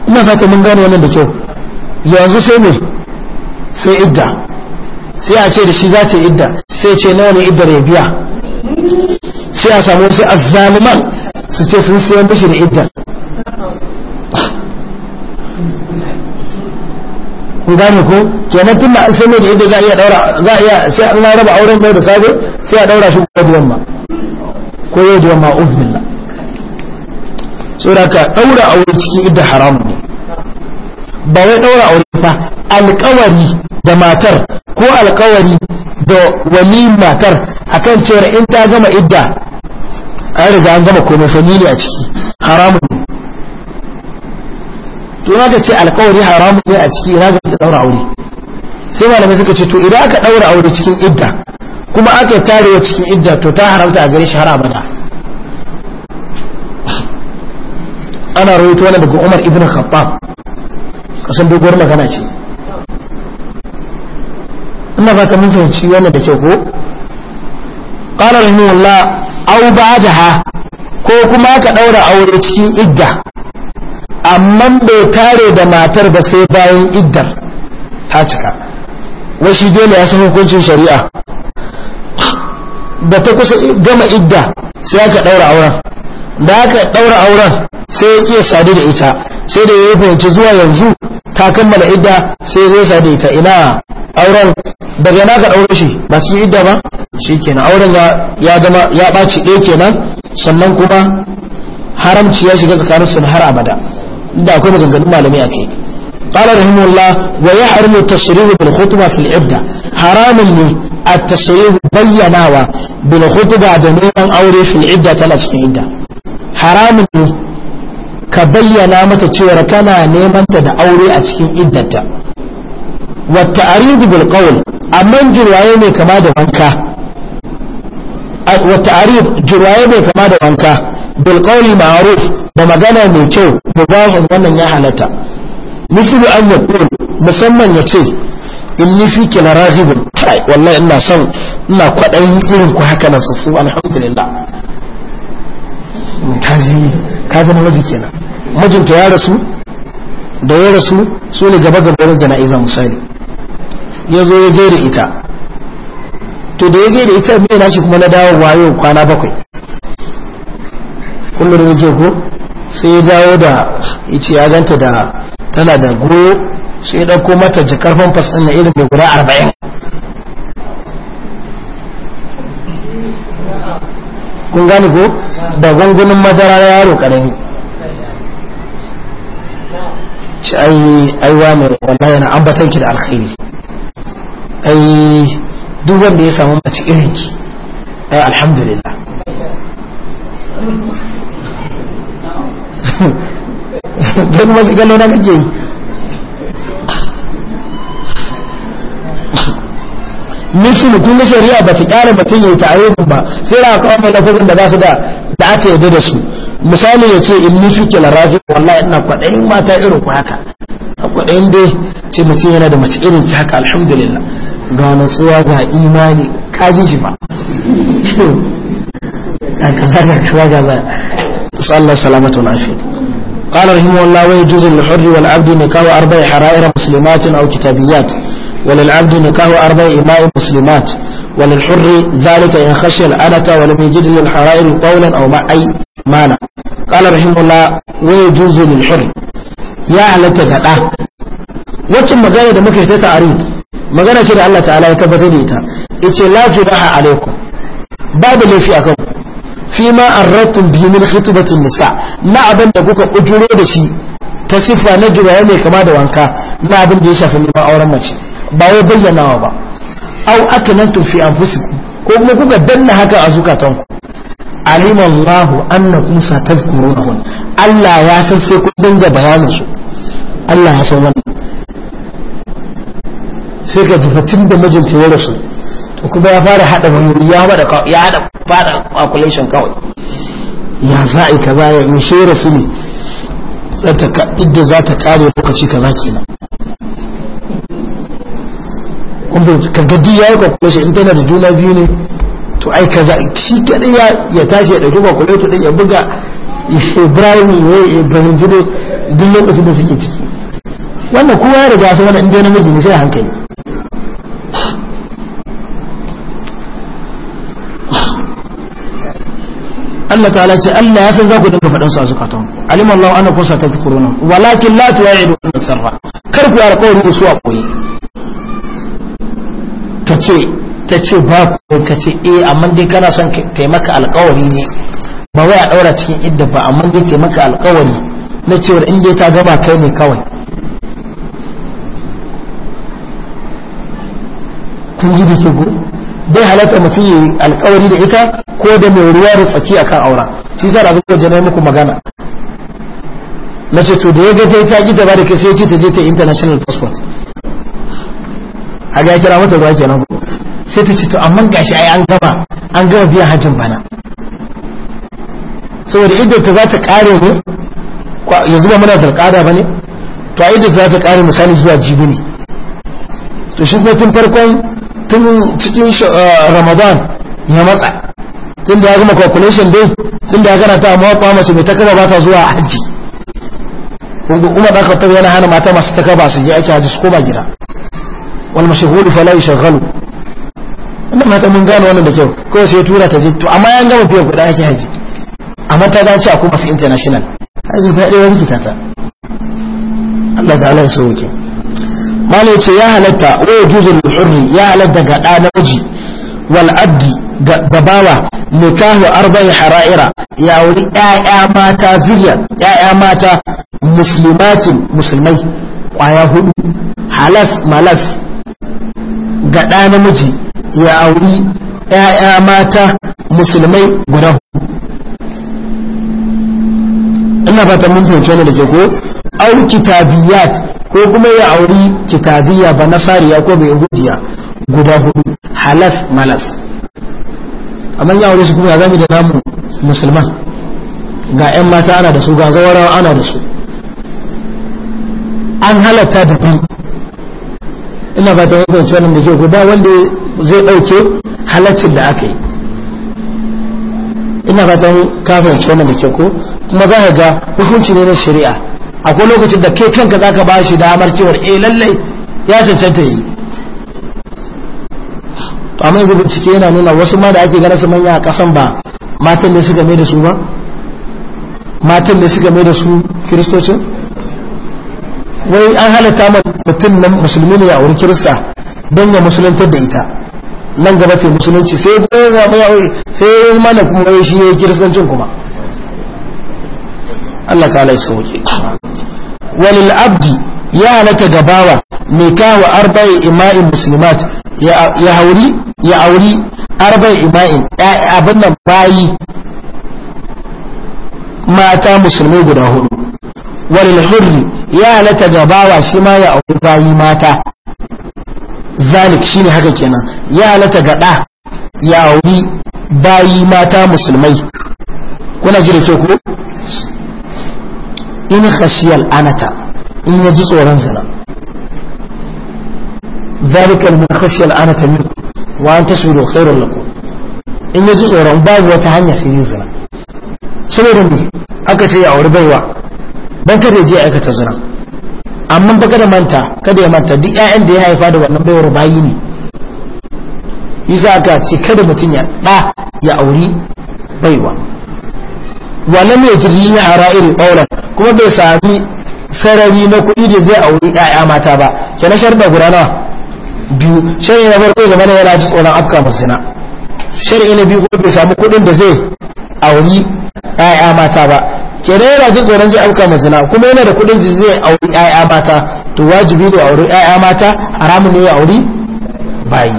ina fata mun gano wannan da kyau yanzu sai ne sai idda sai a ce da shi za ta idda sai ce nawa ne iddar ya biya sai a samu wasu azzaluman su ce sun siyan bishi da iddar ku gane ko kenan tun da an san da yadda za a iya daura za a iya sai an raba auren mai da safe sai a daura shi ko da yamma ko yau da yamma uzbillah saboda ka daura aure cikin idda haram ne ba wai daura aure fa alƙawari da matar ko alƙawari da wali matar akan cewa in ta gama idda an riga an gama komai fa a ciki haramun to za ka ce alkawari haramun ne a ciki ina ga daura aure sai malamai suka ce to idan aka daura aure cikin idda kuma aka tarewa cikin idda to ta haramta a gare shi har abada ana rawaito wani daga umar ibn khattab kasan doguwar magana ce ina fata mun fahimci wannan da kyau ko qala rahimahullah aw ba'daha ko kuma ka daura aure cikin idda amma bai tare da matar ba sai bayan iddar ta cika washi dole ya san hukuncin shari'a da ta kusa gama idda sai aka daura auren da aka daura auren sai ya iya sadu da ita sai da ya fahimci zuwa yanzu ta kammala idda sai ya zo da ita ina auren daga na ka daure shi ba idda ba shikenan auren ya zama ya ɓaci ɗaya kenan sannan kuma haramci ya shiga tsakanin tsakaninsu har abada da akwai maganganun malami a kai قال رحمه الله ويحرم التصريح بالخطبة في العدة حرام لي التصريح بيناوا بالخطبة دنيما أوري في العدة ثلاث في العدة حرام لي كبينا متتشور كان نيما تدى أوري أتكين عدة والتعريض بالقول أمن جرائمي كما دوانكا والتعريض جرائمي كما دوانكا بالقول معروف da magana mai kyau mubahun wannan ya halatta misali an yaqul musamman ya ce ni fi la rahibin kai wallahi ina son ina kwaɗayin irin ku haka nan su alhamdulillah kaji ka zama waje kenan mijinta ya rasu da ya rasu su ne gaba na jana'iza misali ya zo ya gaida ita to da ya gaida ita mai nashi kuma na dawo wayo kwana bakwai kullum da ke ko sai ya dawo da ice ya ganta da tana da goro sai ya ɗauko mata jakar famfas ɗin na irin mai guda arba'in kun gani ko da gungunin madara yaro ƙarami shi aiwa mai wallahi yana ki da alkhairi ai duk wanda ya samu mace irin ki ai alhamdulillah don wasu gano na kake yi mishin kun shari'a ba ta kyara mutum ya yi ta'arufin ba sai ra kawo mai lafazin da ba su da da aka yadda da su misali ya ce in ni ke larafi wallahi ina kwaɗayin mata irin ku haka a kwaɗayin dai ce mutum yana da mace irin ki haka alhamdulillah ga nasuwa ga imani kaji shi ba ga نسأل الله السلامة والعافية قال رحمه الله ويجوز للحر والعبد نكاح أربع حرائر مسلمات أو كتابيات وللعبد نكاح أربع إماء مسلمات وللحر ذلك إن خشي الأنة ولم يجد للحرائر قولا أو ما أي مانع قال رحمه الله ويجوز للحر يا أهل تجدع وكم مجالة دمك تتعريض مجالة شرع الله تعالى يتبتل إيتا إيتي لا جناح عليكم باب اللي في أكبر fi ma arratun biyu min khitbatin nisa na abin da kuka kuduro da shi ta siffa na jiraye mai kama da wanka na abin da ya shafi neman auren mace ba wai bayyanawa ba au akinantum fi anfusikum ko kuma kuka danna haka a zukatanku alima Allahu annakum satadhkurunahum Allah ya san sai ku dinga bayanin su Allah ya san wannan sai ka tafi tun da mijinta ya rasu to kuma ya fara hada bangarori ya hada ya hada fara calculation kawai ya za a yi kaza ya yi shera su ne idda za ta kare lokaci ke kenan kuma kagadi ya yi calculation in tana da juna biyu ne to ai kaza shi kadai ya tashi ya dauki calculator din ya buga ibrahim ya ibrahim jide duk lokacin da suke ciki wannan kowa ya riga su wani inda namiji ne sai hankali Allah ta'ala ce Allah ya san za ku dinga faɗin su a zukatan alim Allah ana kusa ta fi kuruna walakin la tuwa'idu an sarra kar ku yar kawai su a koyi ta ce ta ce ba ku ka ce eh amma dai kana son kai maka alƙawari ne ba wai a daura cikin idda ba amma dai kai maka alƙawari na cewa in dai ta gaba kai ne kawai kun ji da su gudu bai halatta mutum yi alkawari da ita ko da mai ruwa da tsaki a kan aura shi sa da zuwa jana muku magana na ce to da ya gafe ta gita ba da kai sai ce ta je ta international passport a ga kira mata ruwa nan sai ta ce to amma gashi ai an gama an gama biyan hajjin bana saboda idan ta za ta kare ne yanzu ba muna talƙada ba ne to a idan ta za ta kare misali zuwa jibi ne to shi kuma tun farkon tun cikin eh, ramadan ya matsa tun da ya gama calculation dai tun da ya gana ta mawata mace mai takaba ba ta zuwa hajji Kuma umar da khattab yana hana mata masu takaba su yi ake hajji su koma gida wal mashghulu fala shagalu inda mata mun gano wannan da kyau kawai sai tura ta je to amma ya gama fiye kuɗin ake hajji amma ta dace a kuma su international hajji fa dai wani kitata Allah ta'ala ya sauke malai ce ya halatta wa juzul hurri ya halatta ga da namiji wal abdi ga bawa nikahu arba'i hara'ira ya wuri ƴaƴa mata zuriya ƴaƴa mata muslimatin musulmai kwaya hudu halas malas ga da namiji ya auri ƴaƴa mata musulmai guda hudu ina bata mun fahimci wani da ke ko au kitabiyat ko kuma ya auri kitabiya ba nasariya ko bai yahudiya guda hudu halas malas amma ya aure su kuma ya zami da namu musulman ga 'yan mata ana da su ga zawarawa ana da su an halatta daban ina ba ta hukunci wannan da ke guda wanda zai ɗauke halaccin da aka yi ina fatan kafin wannan da ke ko kuma za ka ga hukunci ne na shari'a akwai lokacin da kai kanka zaka ba shi damar cewar eh lallai ya cancanta yi amma yanzu bincike yana nuna wasu ma da ake gana su manya a kasan ba matan ne suka mai da su ba matan ne suka mai da su kiristocin wai an halatta ma mutum nan musulmi ne a wurin kirista don ya musulantar da ita nan gaba ta musulunci sai ya sai mana kuma shi ne kiristancin kuma Allah ta laisa wuce walil abdi ya halatta gabawa nikahu arba'i ima'in muslimat ya hauri ya auri arba'i ima'in abin nan bayi mata musulmai guda hudu walil hurri ya halatta gabawa shi ma ya auri bayi mata zalik shine haka kenan ya halatta gada ya auri bayi mata musulmai kuna jira ke ku in khashiyal anata in ya ji tsoron zina zalikal min khashiyal anata min wa an tasbiru khairul lakum in ya ji tsoron babu wata hanya sai yin zina saboda me aka ce ya aure baiwa ban kada je aikata zina amma ba kada manta kada ya manta duk ƴaƴan da ya haifa da wannan baiwar bayi ne yasa aka ce kada mutum ya ɗa ya auri baiwa walam ya jirgi na hara'iri kuma bai sami sarari na kuɗi da zai auri ƴaƴa mata ba ke na sharɗa guda nawa biyu shari'i na farko zama na yana ji tsoron afka masu zina shari'i na biyu kuma bai sami kuɗin da zai auri ƴaƴa mata ba kena yana ji tsoron zai afka masu zina kuma yana da kuɗin da zai auri ƴaƴa mata to wajibi da auri ƴaƴa mata haramun ne ya auri bayi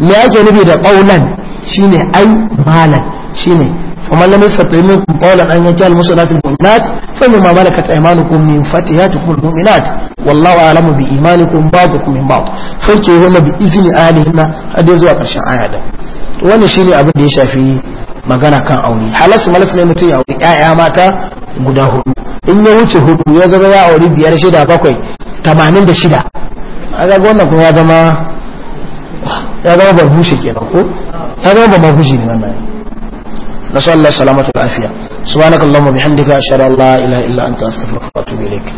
me ake da ƙaunan shine ai malan shine ومن لم يستطع منكم طولا أن ينكح المسلمات المؤمنات فمما ملكت أيمانكم من فتياتكم المؤمنات والله أعلم بإيمانكم بعضكم من بعض فانكحوهن بإذن أهلهن هذا زوا كرشن آية wannan shine abin da ya shafi magana kan aure halas malas ne mutum ya aure ƴaƴa mata guda hudu in ya wuce hudu ya zama ya aure biyar shida bakwai tamanin da shida a ga wannan kuma ya zama ya zama barbushe kenan ko ya zama ba ne wannan نسأل الله السلامة والعافية سبحانك اللهم وبحمدك أشهد أن لا إله إلا أنت أستغفرك وأتوب إليك